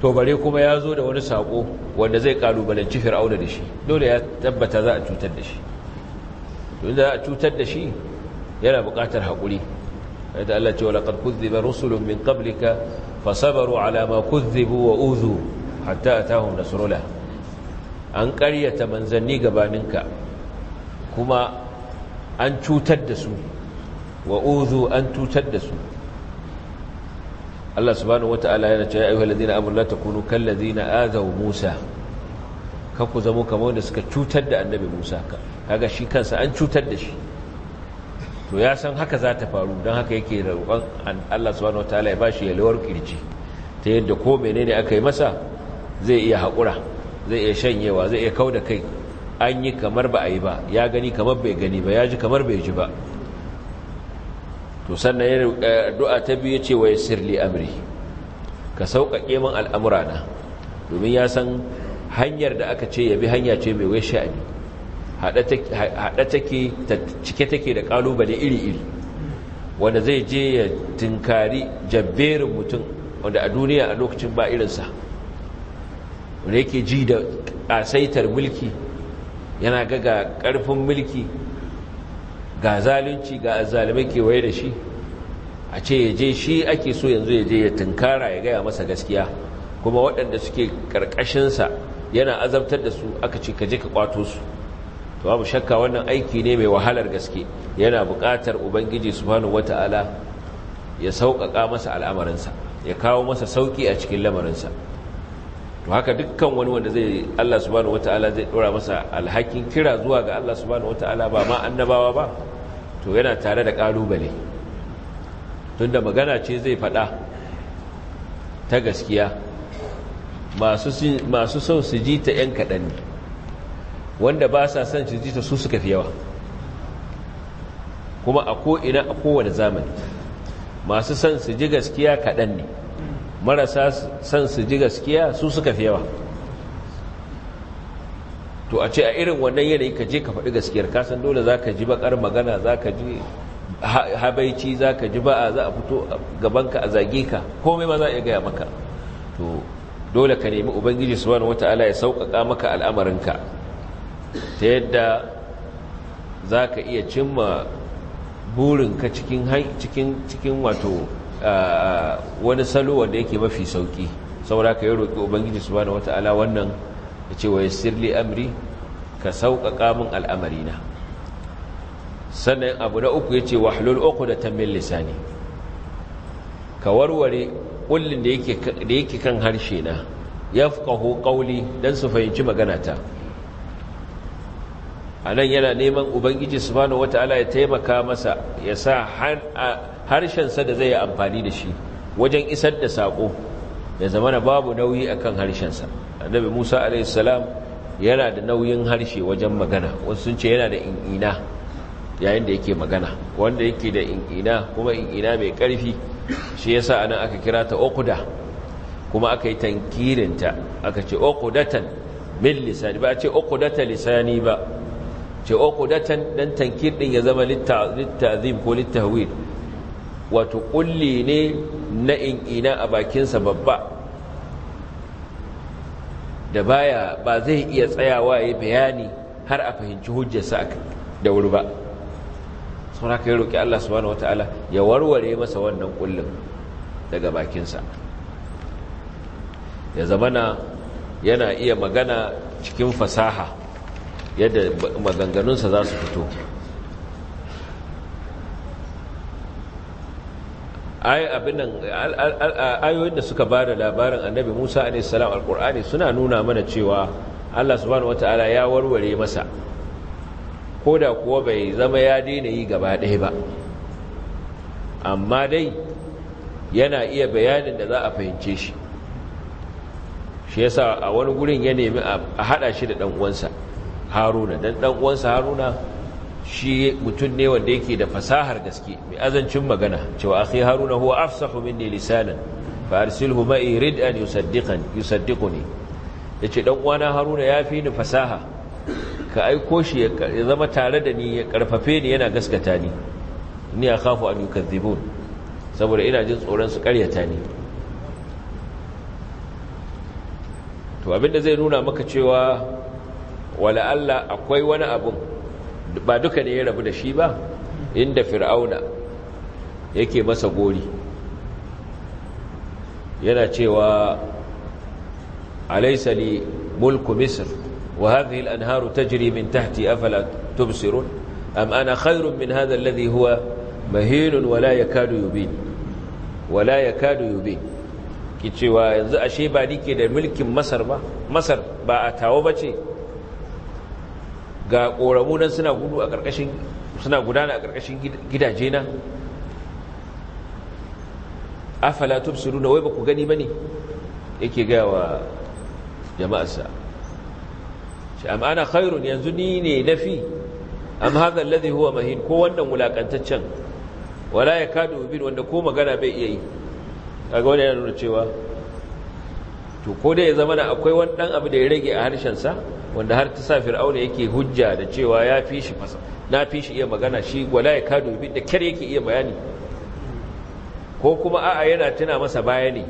S1: to bare kuma ya zo da wani sako wanda zai kalubalanci fir'auna da shi dole ya tabbata za a cutar da shi to za a cutar da shi yana buƙatar haƙuri da Allah ce wa laqad kuzziba rusulun min qablika fasabaru ala ma kuzzibu wa uzu hatta atahum nasrullah an ƙaryata manzanni gabaninka kuma an cutar da su wa uzu an cutar da su Allah subhanahu wata'ala yana cewa ayyuhal ladina amanu la takunu kal ladina azaw Musa ka ku zamo kamar wanda suka cutar da annabi Musa kaga shi kansa an cutar da shi to ya san haka za ta faru don haka yake da roƙon Allah subhanahu wataala ya shi yalwar kirji ta yadda ko mene ne aka yi masa zai iya haƙura zai iya shanyewa zai iya da kai an yi kamar ba a yi ba ya gani kamar bai gani ba ya ji kamar bai ji ba to sannan ya eh, du'a ta biyu ce wa sirli li amri ka sauƙaƙe min al'amurana domin ya san hanyar da aka ce ya bi hanya ce mai wai sha'ani haɗa take cike take da ƙalubale iri-iri wanda zai je ya tinkari jabberin mutum wanda a duniya a lokacin ba irinsa wanda yake ji da ƙasaitar mulki yana ga ga ƙarfin mulki ga zalunci ga azalimai kewaye da shi a ce ya je shi ake so yanzu ya je ya tinkara ya gaya masa gaskiya kuma waɗanda suke ƙarƙashinsa yana azabtar da su aka ce ka je ka ƙwato su babu shakka wannan aiki ne mai wahalar gaske yana buƙatar ubangiji subhanahu wata'ala ya sauƙaƙa masa al'amarinsa ya kawo masa sauƙi a cikin lamarinsa to haka dukkan wani wanda zai Allah subhanahu wata'ala zai dora masa alhakin kira zuwa ga Allah subhanahu wata'ala ba ma annabawa ba to yana tare da kalubale tunda magana ce zai faɗa ta gaskiya masu son su ji ta yan kaɗan wanda ba sa son su ji ta su suka fi yawa kuma a ko'ina a kowane zamani masu son su ji gaskiya kaɗan ne marasa son su ji gaskiya su suka fi yawa to a ce a irin wannan yanayi ka je ka faɗi gaskiyar kasan dole za ka ji baƙar magana za ka ji habaici za ka ji ba'a za a fito gabanka a zage ka komai ma za a gaya maka to dole ka nemi ubangiji su wata ala ya sauƙaƙa maka al'amarinka ta yadda za ka iya cimma burin burinka cikin wato wani salo wanda yake mafi sauki saboda ka yi roƙi ubangiji su bane wata'ala wannan da ce ya sirli amri ka sauƙaƙa min al'amarina sannan abu na uku ya ce wa halul uku da tambayin lissani ka warware ƙullin da yake kan harshe na ya fi ƙaho ƙauli don su fahimci maganata anan yana neman ubangiji subhanahu wata'ala ya taimaka masa ya sa harshensa da zai yi amfani da shi wajen isar da sako ya zamana babu nauyi akan harshensa annabi musa alaihissalam yana da nauyin harshe wajen magana wasu sun ce yana da in'ina yayin da yake magana wanda yake da in'ina kuma in'ina mai ƙarfi shi yasa anan aka kira ta okuda kuma aka yi tankirinta aka ce okudatan min lisani ba a ce okudata lisani ba ce oh, datan dan tankir din ya zama litta'zim ko littahwil wato kulli ne na in'ina a bakinsa babba da baya ba zai iya tsayawa ya bayani har a fahimci hujjarsa da wuri ba sauna ka yi roƙi Allah subhanahu wata'ala ya warware masa wannan kullum daga bakinsa ya zamana yana iya magana cikin fasaha yadda maganganunsa za su fito ayoyin da suka ba da labarin annabi musa alaihissalam alkur'ani suna nuna mana cewa allah subhanahu wata'ala ya warware masa ko da kuwa bai zama ya daina yi gaba ɗaya ba amma dai yana iya bayanin da za a fahimce shi shi yasa a wani gurin ya nemi a haɗa shi da ɗan'uwansa haruna dan dan uwansa haruna shi mutum ne wanda yake da fasahar gaske mai azancin magana cewa akhi haruna huwa afsahu minni lisanan fa arsilhu ma irid an yusaddiqan yusaddiquni yace dan uwana haruna yafi ni fasaha ka aiko shi ya zama tare da ni ya karfafe ni yana gaskata ni ni akhafu an yukadhibun saboda ina jin tsoron su karyata ni to abinda zai nuna maka cewa wala Allah akwai wani abun ba duka ne ya rabu da shi ba inda fir'auna yake masa gori yana cewa alaysa li mulku misr wa hadhihi al-anharu tajri min tahti afala tubsirun am ana khairun min hadha alladhi huwa mahinun wala yakadu yubin yakadu yubin ki cewa yanzu ashe ba nike da mulkin masar ba masar ba a tawo bace ga ƙoramu nan suna gudu a ƙarƙashin suna gudana a ƙarƙashin gidaje na afala tubsiruna wai ba ku gani ne yake gaya wa jama'arsa shi am ana khairun yanzu ni ne na fi. am haka lalazi huwa mahin ko wannan wulaƙantaccen. wala ya yakadu bin wanda ko magana bai iya yi A ga wani yana nuna cewa to ko dai ya zama na akwai wani ɗan abu da ya rage a harshen sa wanda har ta sa fir'auna yake hujja da cewa ya fi shi masa na fi shi iya magana shi wala ya kado bi da kyar yake iya bayani ko kuma a'a yana tuna masa baya ne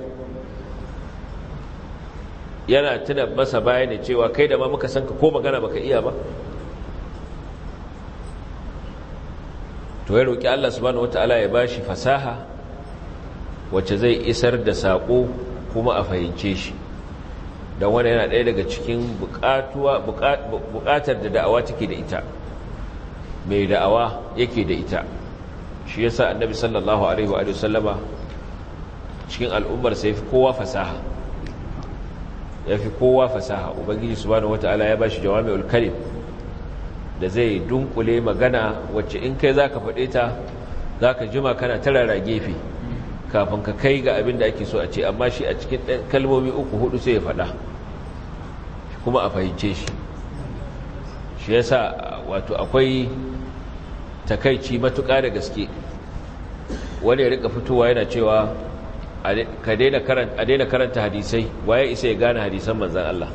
S1: yana tuna masa baya ne cewa kai da ma muka san ka ko magana baka iya ba to ya roki Allah subhanahu wataala ya bashi fasaha wacce zai isar da sako kuma a fahimce shi don wani yana ɗaya daga cikin buƙatar da da'awa take da ita mai da'awa yake da ita shi ya sa annabi sallallahu alaihi wa sallama cikin al'ummar ya fi kowa fasaha ya fi kowa fasaha ubangiji subhanahu wata'ala ya ba shi jawami'ul karim da zai dunkule magana wacce in kai za ka faɗe ta za ka jima kana tarara gefe kafin ka kai ga abin da ake so a ce amma shi a cikin kalmomi uku hudu sai ya faɗa kuma a fahimce shi shi ya sa wato akwai takaici matuƙa da gaske wani ya rika fitowa yana cewa a daina karanta hadisai waye isa ya gane hadisan manzan Allah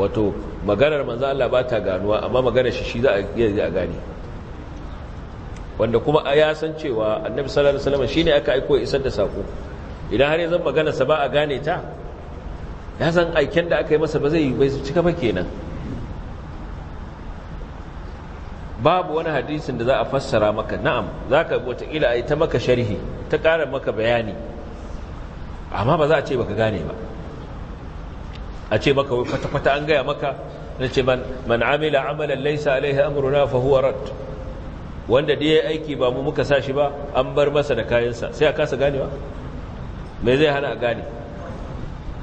S1: wato maganar manzan Allah ba ta ganuwa amma maganar shi shi za a gane wanda kuma ya san cewa annabi sallallahu alaihi wasallam shine aka aiko isar da sako idan har yanzu magana sa ba a gane ta ya san aiken da aka yi masa ba zai bai cika ba kenan babu wani hadisin da za a fassara maka na'am zaka wataƙila a yi ta maka sharhi ta ƙara maka bayani amma ba za a ce baka gane ba a ce maka kwata-kwata an gaya maka na ce man amila amalan laisa Alayhi amruna fa huwa rad wanda da ya aiki ba mu muka sa shi ba an bar masa da kayansa sai a kasa ganewa mai zai hana a gane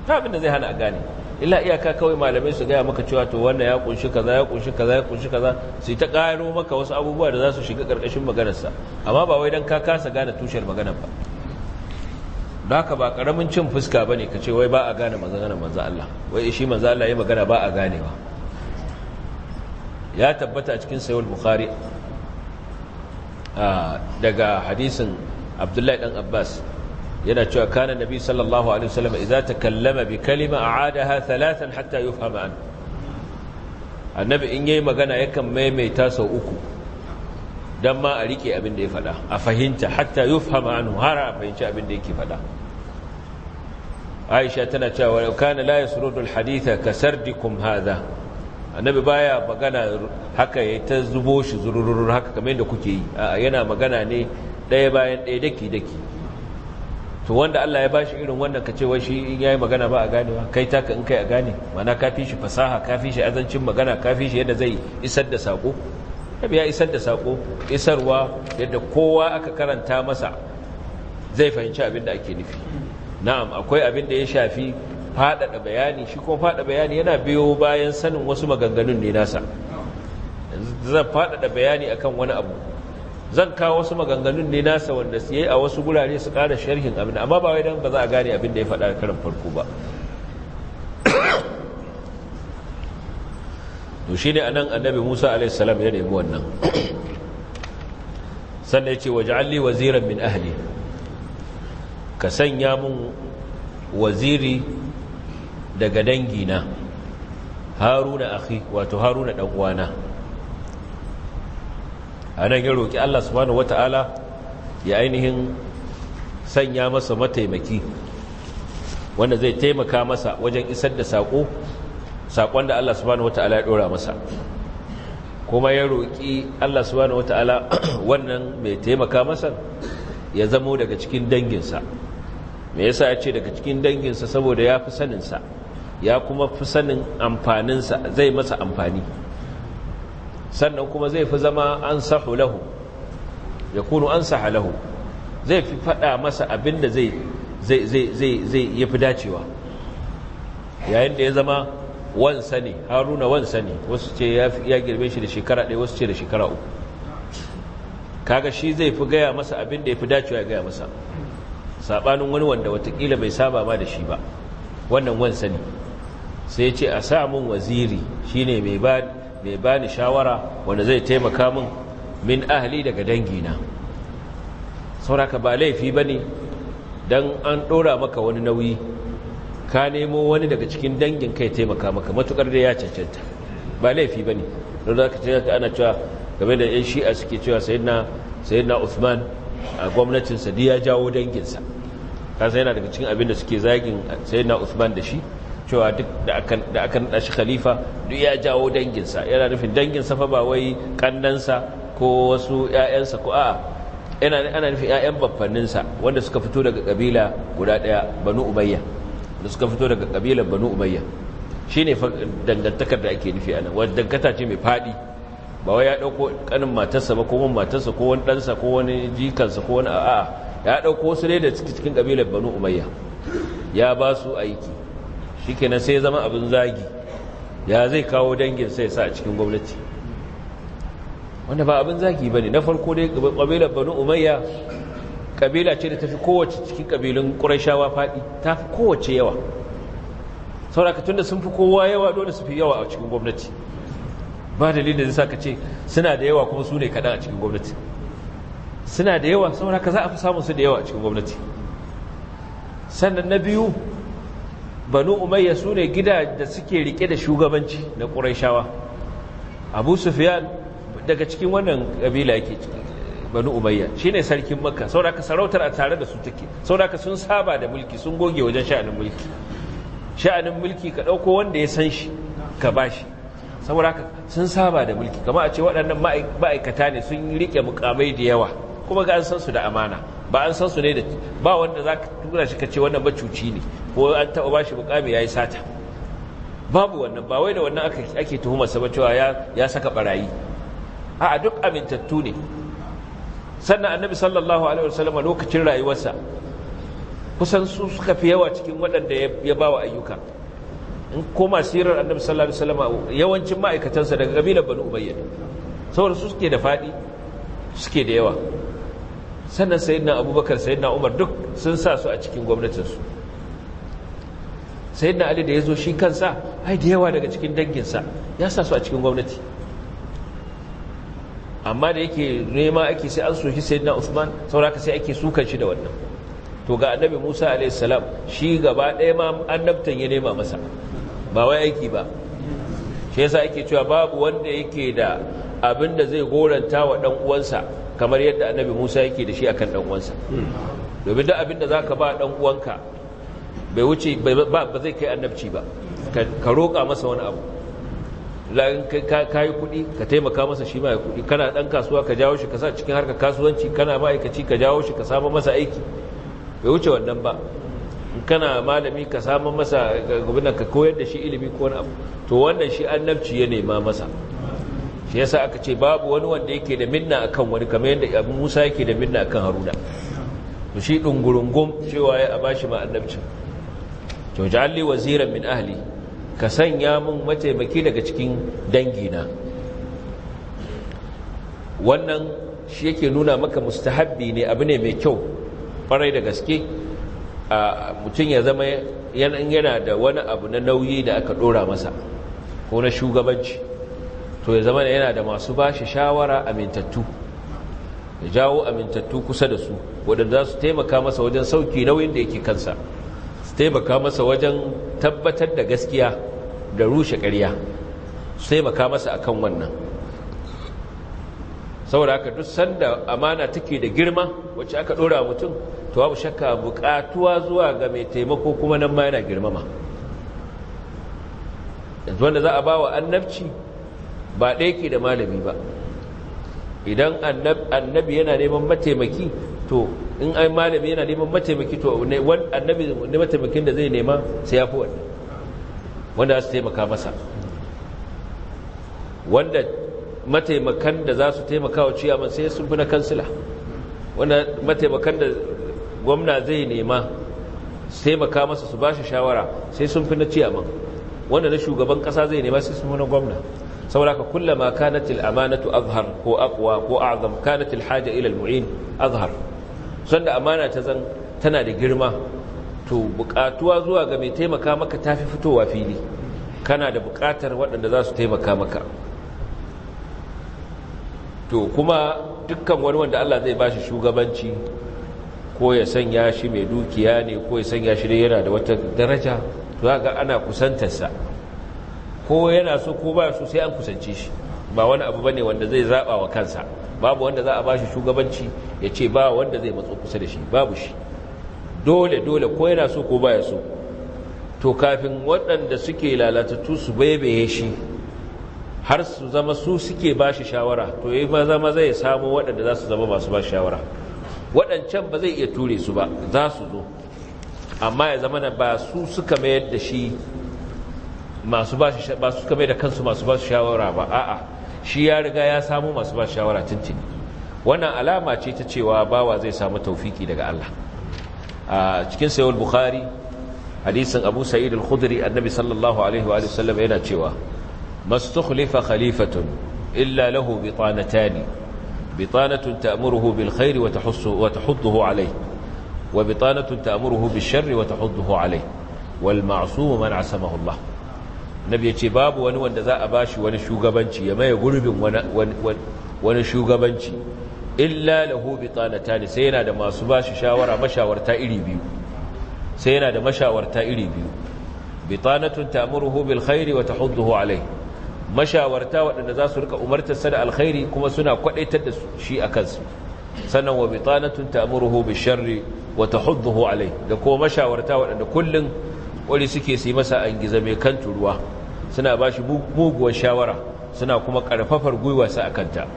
S1: ta abin da zai hana a gane illa iyaka kawai malamai su gaya maka cewa to wannan ya kunshi kaza ya kunshi kaza ya kunshi kaza su ta ƙaro maka wasu abubuwa da za su shiga ƙarƙashin maganarsa amma ba wai don ka kasa gane tushen maganar ba da haka ba ƙaramin cin fuska bane ne ka ce wai ba a gane maganar manzo Allah wai shi manzo Allah ya magana ba a ganewa ya tabbata a cikin sayul bukhari Ah, daga hadisin abdullahi dan abbas yana cewa kana nabi sallallahu alaihi wasallam idza takallama bi kalima a'adaha thalathan hatta yufhama an annabi in yayi magana yakan maimaita sau uku dan ma a rike abin da ya fada a fahimta hatta yufhama anhu har a fahimci abin da yake fada Aisha tana cewa kana la yasrudu alhaditha kasardikum hadha annabi baya magana haka ya ta zubo shi zurururur haka kamar yadda kuke yi yana magana ne ɗaya bayan ɗaya daki daki to wanda Allah ya bashi irin wannan ka cewa shi in yayi magana ba a ganewa kai taka in kai a gane mana ka fi shi fasaha ka fi shi azancin magana ka fi shi yadda zai isar da sako ya isar da sako isarwa yadda kowa aka karanta masa zai fahimci abin da ake nufi na'am akwai abin da ya shafi faɗaɗa bayani shi kuma faɗaɗa bayani yana biyo bayan sanin wasu maganganun ne nasa zan faɗaɗa bayani akan wani abu zan kawo wasu maganganun ne nasa wanda su yi a wasu gurare su ƙara sharhin abin amma ba wai don ba za a gane abin da ya faɗa karin farko ba to shi ne a nan annabi musa a.s. ya nemi wannan sannan ya ce waje alli waziran min ahli ka sanya mun waziri daga dangina haruna akhi wato haruna dan uwana anan ya roki Allah subhanahu wataala ya ainihin sanya masa mataimaki wanda zai taimaka masa wajen isar da sako sakon da Allah subhanahu wataala ya dora masa kuma ya roki Allah subhanahu wataala wannan mai taimaka masa ya zamo daga cikin danginsa me yasa ya ce daga cikin danginsa saboda ya fi saninsa ya kuma fi sanin amfaninsa zai masa amfani sannan kuma zai fi zama an sahu lahu ya kunu an saha lahu zai fi faɗa masa abin da zai yi fi dacewa yayin da ya zama wansa ne haruna wansa ne wasu ce ya girbe shi da shekara ɗaya wasu ce da shekara uku kaga shi zai fi gaya masa abin da ya fi dacewa ya gaya masa saɓanin wani wanda watakila bai saba ma da shi ba wannan wansa ne sai ce a sa min waziri shine mai ba ni bani shawara wanda zai taimaka min min ahali daga dangina sauraka ba laifi ba ne don an dora maka wani nauyi ka nemo wani daga cikin dangin kai taimaka maka matukar da ya cancanta ba laifi ba ne don ka cancanta ana cewa game da yan shi'a suke cewa sayyidina sayyidina usman a gwamnatin sa ya jawo danginsa sai yana daga cikin abin da suke zagin sayyidina usman da shi cewa duk da aka naɗa shi khalifa duk ya jawo danginsa yana nufin danginsa fa ba wai kandansa ko wasu ‘ya'yansa ko a'a ana nufin ‘ya'yan babbanninsa wanda suka fito daga ƙabila guda ɗaya banu ubayya da suka fito daga kabila banu ubayya shi ne dangantakar da ake nufi anan wadda dangata ce mai faɗi ba wai ya ɗauko ƙanin matarsa ba ko wani matarsa ko wani ɗansa ko wani jikansa ko wani a'a ya ɗauko su ne da cikin kabilar banu umayya ya ba su aiki shikenan sai zama abin zagi ya zai kawo dangin sai sa a cikin gwamnati wanda ba abin zagi ba ne na farko dai kabilar banu umayya ƙabila ce da tafi kowace cikin ƙabilun ƙurashawa faɗi ta fi kowace yawa sauraka tunda sun fi kowa yawa dole su fi yawa a cikin gwamnati ba dalilin da zai ka ce suna da yawa kuma su ne kaɗan a cikin gwamnati suna da yawa sauraka za a fi samun su da yawa a cikin gwamnati sannan na biyu banu umayya su ne gida da suke rike da shugabanci na ƙuraishawa abu sufiyan daga cikin wannan ƙabila yake banu umayya shi ne sarkin makka sauraka sarautar a tare da su take sauraka sun saba da mulki sun goge wajen sha'anin mulki sha'anin mulki ka ɗauko wanda ya san shi ka ba shi sauraka sun saba da mulki kama a ce waɗannan ma'aikata ne sun riƙe mukamai da yawa kuma ga an san su da amana ba an san su ne da ba wanda za ka tura shi ka ce wannan macuci ne ko an taɓa ba shi mukami ya yi sata babu wannan ba wai da wannan ake tuhumarsa ba cewa ya saka barayi a duk amintattu ne sannan annabi sallallahu alaihi wasallam lokacin rayuwarsa kusan su suka fi yawa cikin waɗanda ya ba wa ayyuka in koma sirar annabi sallallahu alaihi wasallam yawancin ma'aikatansa daga kabilar banu ubayya saboda su suke da faɗi suke da yawa sannan sayyidina abubakar sayyidina umar duk sun sa su a cikin gwamnatinsu na ali da ya zo shi kansa ai da yawa daga cikin danginsa ya sa su a cikin gwamnati amma da yake nema ake sai an soki na usman sauraka sai ake sukan shi da wannan to ga annabi musa a.s. shi gaba ɗaya ma annabtan ya nema masa ba wai aiki ba shi yasa ake cewa babu wanda yake da abin da zai goranta wa ɗan uwansa kamar yadda annabi musa yake da shi akan ɗan uwansa hmm. domin da abin da za ka ba ɗan uwanka bai wuce ba zai kai annabci ba ka roƙa masa wani abu la'in ka yi kuɗi ka taimaka masa shi ma ya kuɗi kana ɗan kasuwa ka jawo shi ka sa cikin harkar kasuwanci kana ma'aikaci ka jawo shi ka samu masa aiki bai wuce wannan ba kana malami ka samu masa gabinan ka koyar da shi ilimi ko wani abu to wannan shi annabci ya nema masa shi yasa aka ce babu wani wanda yake da minna akan wani kamar yadda abu musa yake da minna akan haruna to shi ɗungurungun cewa ya a bashi ma annabcin to ja'alli waziran min ahli ka sanya mun mataimaki daga cikin dangina wannan shi yake nuna maka mustahabbi ne abu ne mai kyau farai da gaske a mutum ya zama yana da wani abu na nauyi da aka ɗora masa ko na shugabanci to ya zama yana da masu ba shi shawara amintattu ya jawo amintattu kusa da su waɗanda za su taimaka masa wajen sauki nauyin da yake kansa sai baka masa wajen tabbatar da gaskiya da rushe ƙarya sai taimaka masa akan wannan saboda haka duk sanda amana take da girma wacce aka ɗora mutum to babu shakka buƙatuwa zuwa ga mai taimako kuma nan ma yana girmama yanzu wanda za a ba wa annabci ba ɗaya ke da malami ba idan annabi yana neman mataimaki to in ai malami yana neman mataimaki to annabi ne mataimakin da zai nema sai ya fi wannan wanda za su taimaka masa wanda mataimakan da za su taimaka wa ciyaman sai sun fi na kansila wanda mataimakan da gwamna zai nema su taimaka masa su ba shi shawara sai sun fi na ciyaman wanda na shugaban kasa zai nema sai sun fi na gwamna saboda ka kullama kanatil amanatu azhar ko aqwa ko a'zam kanatil haja ila al-mu'in azhar sanda amana ta zan tana da girma to bukatuwa zuwa ga mai taimaka maka tafi fitowa fili kana da bukatar waɗanda za su taimaka maka to kuma dukkan wani wanda Allah zai bashi shugabanci ko ya sanya shi mai dukiya ne ko ya sanya shi dai yana da wata daraja to ga ana kusantarsa ko yana so ko ba su sai an kusance shi ba wani abu bane wanda zai zaba wa kansa babu wanda za a bashi shugabanci ya ce ba wanda zai matso kusa da shi babu shi dole dole ko yana so ko baya so to kafin waɗanda suke lalatattu su baibaye shi har su zama su suke ba shi shawara to yi ma zama zai samu waɗanda za su zama masu ba shawara waɗancan ba zai iya ture su ba za su zo amma ya zama na ba su suka mayar da shi masu ba su da kansu masu ba su shawara ba a'a shi ya riga ya samu masu ba shawara tuntuni wannan alama ce ta cewa bawa zai samu taufiki daga Allah a cikin sayyid bukhari hadisin abu sa'id al-khudri annabi sallallahu alaihi wa sallam yana cewa mastukhlifa khalifatun illa lahu bitanatani bitanatun ta'muruhu bil khairi wa tahussu wa tahudduhu alayhi wa bitanatun ta'muruhu bil sharri wa tahudduhu alayhi wal ma'sum man asamahu Allah nabi ya ce babu wani wanda za a ba shi wani shugabanci ya maye gurbin wani shugabanci illa lahu bitanata ne sai yana da masu bashi shawara mashawarta iri biyu sai yana da mashawarta iri biyu bitanatun ta'muruhu bil khairi wa tahudduhu alayh mashawarta waɗanda za su rika umartar sa da alkhairi kuma suna kwadaitar da shi a kansu sannan wa bitanatun ta'muruhu bil sharri wa tahudduhu alayh da kuma mashawarta waɗanda kullun wani suke su yi masa an giza mai kan turuwa suna ba shi muguwar shawara suna kuma karfafar gwiwarsa a kanta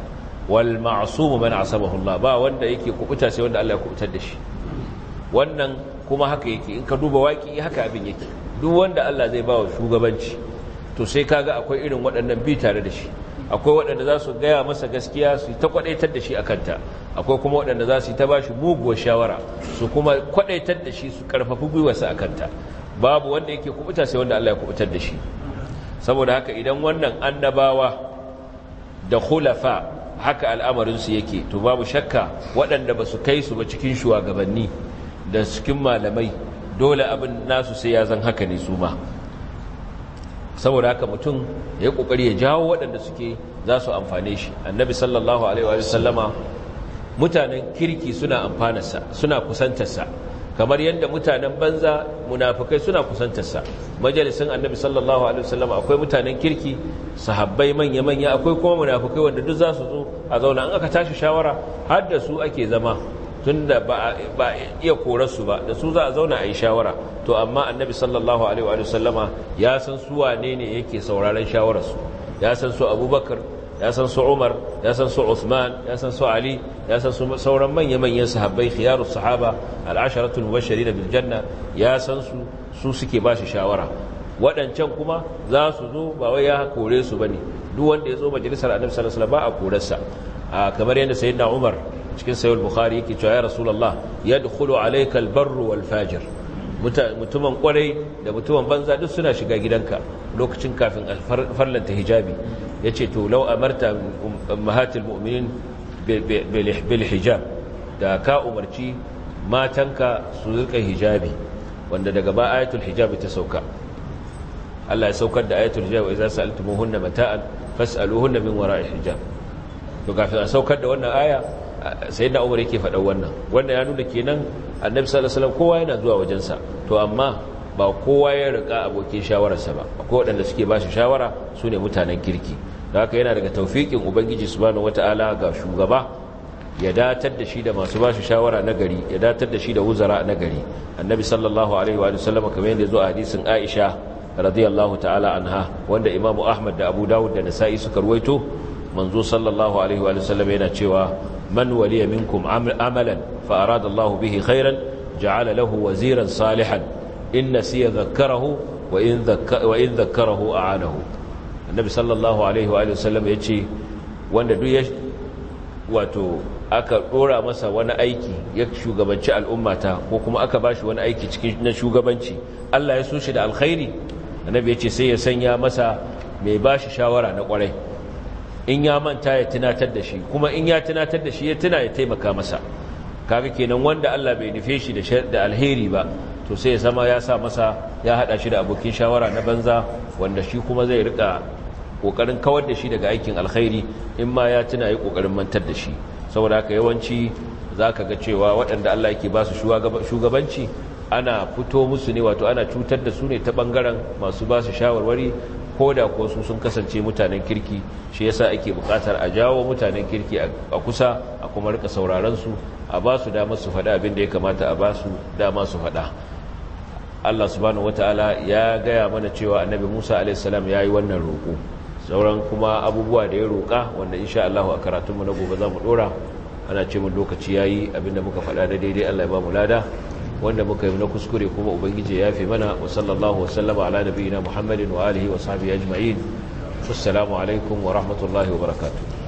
S1: wal ma'asumu man asabahu Allah ba wanda yake kubuta sai wanda Allah ya kubutar da shi wannan kuma haka yake in ka duba waki haka abin yake duk wanda Allah zai ba wa shugabanci to sai kaga akwai irin waɗannan bi tare da shi akwai waɗanda za su gaya masa gaskiya su ta kwaɗaitar da shi a kanta akwai kuma waɗanda za su ta ba shi muguwar shawara su kuma kwaɗaitar da shi su gwiwa gwiwarsa a kanta babu wanda yake kubuta sai wanda Allah ya kubutar da shi saboda haka idan wannan annabawa da khulafa haka al'amarinsu yake to babu shakka waɗanda ba su kai su ba cikin shugabanni da cikin malamai dole abin nasu sai ya zan haka ne su ma saboda haka mutum ya yi ƙoƙari ya jawo waɗanda suke za su amfane shi annabi sallallahu alaihi wa mutanen kirki suna amfanarsa suna kusantarsa kamar yadda mutanen banza munafikai suna kusantarsa majalisun annabi sallallahu alaihi wasallam akwai mutanen kirki sahabbai manya manya akwai kuma munafukai wanda duk za su zo a zauna an aka tashi shawara har da su ake zama tunda ba ba iya korarsu ba da su za a zauna a yi shawara to amma annabi sallallahu alaihi wasallama ya san su wane ne yake sauraron shawararsu ya san su abubakar ya san su umar ya san su uthman ya san su ali ya san su sauran manya-manyan sahabbai khiyaru sahaba al'asharatul mubashirin bil janna ya san su su suke ba shi shawara waɗancan kuma za su zo ba wai ya kore su bane duk wanda ya zo majalisar annabi sallallahu alaihi wasallam ba a korarsa kamar yadda sayyidina umar cikin sahih bukhari yake cewa ya rasulullah yadkhulu alayka al-barru wal fajir mutumin kwarai da mutumin banza duk suna shiga gidanka lokacin kafin farlanta hijabi ya ce to lau amarta um, mahatil mu'minin bil hijab da ka umarci matanka su zirka hijabi wanda daga ba ayatul hijabi ta sauka Allah ya saukar da ayatul hijabi wa idza sa'altumuhunna mata'an fas'aluhunna min wara'i hijab to kafin a saukar da wannan aya sai na umar yake faɗa wannan wanda ya nuna kenan annabi sallallahu alaihi wasallam kowa yana zuwa wajensa to amma ba kowa ya rika abokin shawararsa ba akwai waɗanda suke ba shi shawara su ne mutanen kirki da haka yana daga taufiƙin ubangiji subhanahu wata'ala ga shugaba ya datar da shi da masu ba shi shawara na gari ya datar da shi da wuzara na gari annabi sallallahu alaihi wa sallam kamar yadda ya zo a hadisin aisha radiyallahu ta'ala anha wanda imamu ahmad da abu dawud da nasa'i suka ruwaito manzo sallallahu alaihi wa sallam yana cewa man waliya minku amalan fa arada Allah bihi khairan ja'ala lahu waziran salihan in nasiya dhakkarahu wa in dhakka wa in dhakkarahu annabi sallallahu alaihi wa sallam yace wanda duk ya wato aka ɗora masa wani aiki ya shugabanci al'ummata ko kuma aka bashi wani aiki cikin na shugabanci Allah ya so shi da alkhairi annabi yace sai ya sanya masa mai bashi shawara na kwarai in ya manta ya tunatar da shi kuma in ya tunatar da shi ya tuna ya taimaka masa kaga kenan wanda Allah bai nufe shi da alheri ba to sai ya sama ya sa masa ya hada shi da abokin shawara na banza wanda shi kuma zai rika kokarin kawar da shi daga aikin alkhairi in ma ya tuna yi kokarin mantar da shi saboda haka yawanci zaka ga cewa waɗanda Allah yake ba su shugabanci ana fito musu ne wato ana cutar da su ne ta bangaren masu ba su shawarwari ko da ko su sun kasance mutanen kirki shi yasa ake bukatar a jawo mutanen kirki a kusa a kuma rika sauraron su a ba su dama su faɗa abin da ya kamata a ba su dama su faɗa Allah subhanahu wataala ya gaya mana cewa annabi Musa a.s. ya yi wannan roko sauran kuma abubuwa da ya roka wanda insha Allah a mu na gobe za mu ɗora ana ce mun lokaci yayi abinda muka faɗa da daidai Allah ya ba mu lada wanda muka yi na kuskure kuma ubangiji ya fi mana wa sallallahu wasallama ala nabiyina muhammadin wa alihi wa sahbihi ajma'in assalamu alaikum wa rahmatullahi wa barakatuh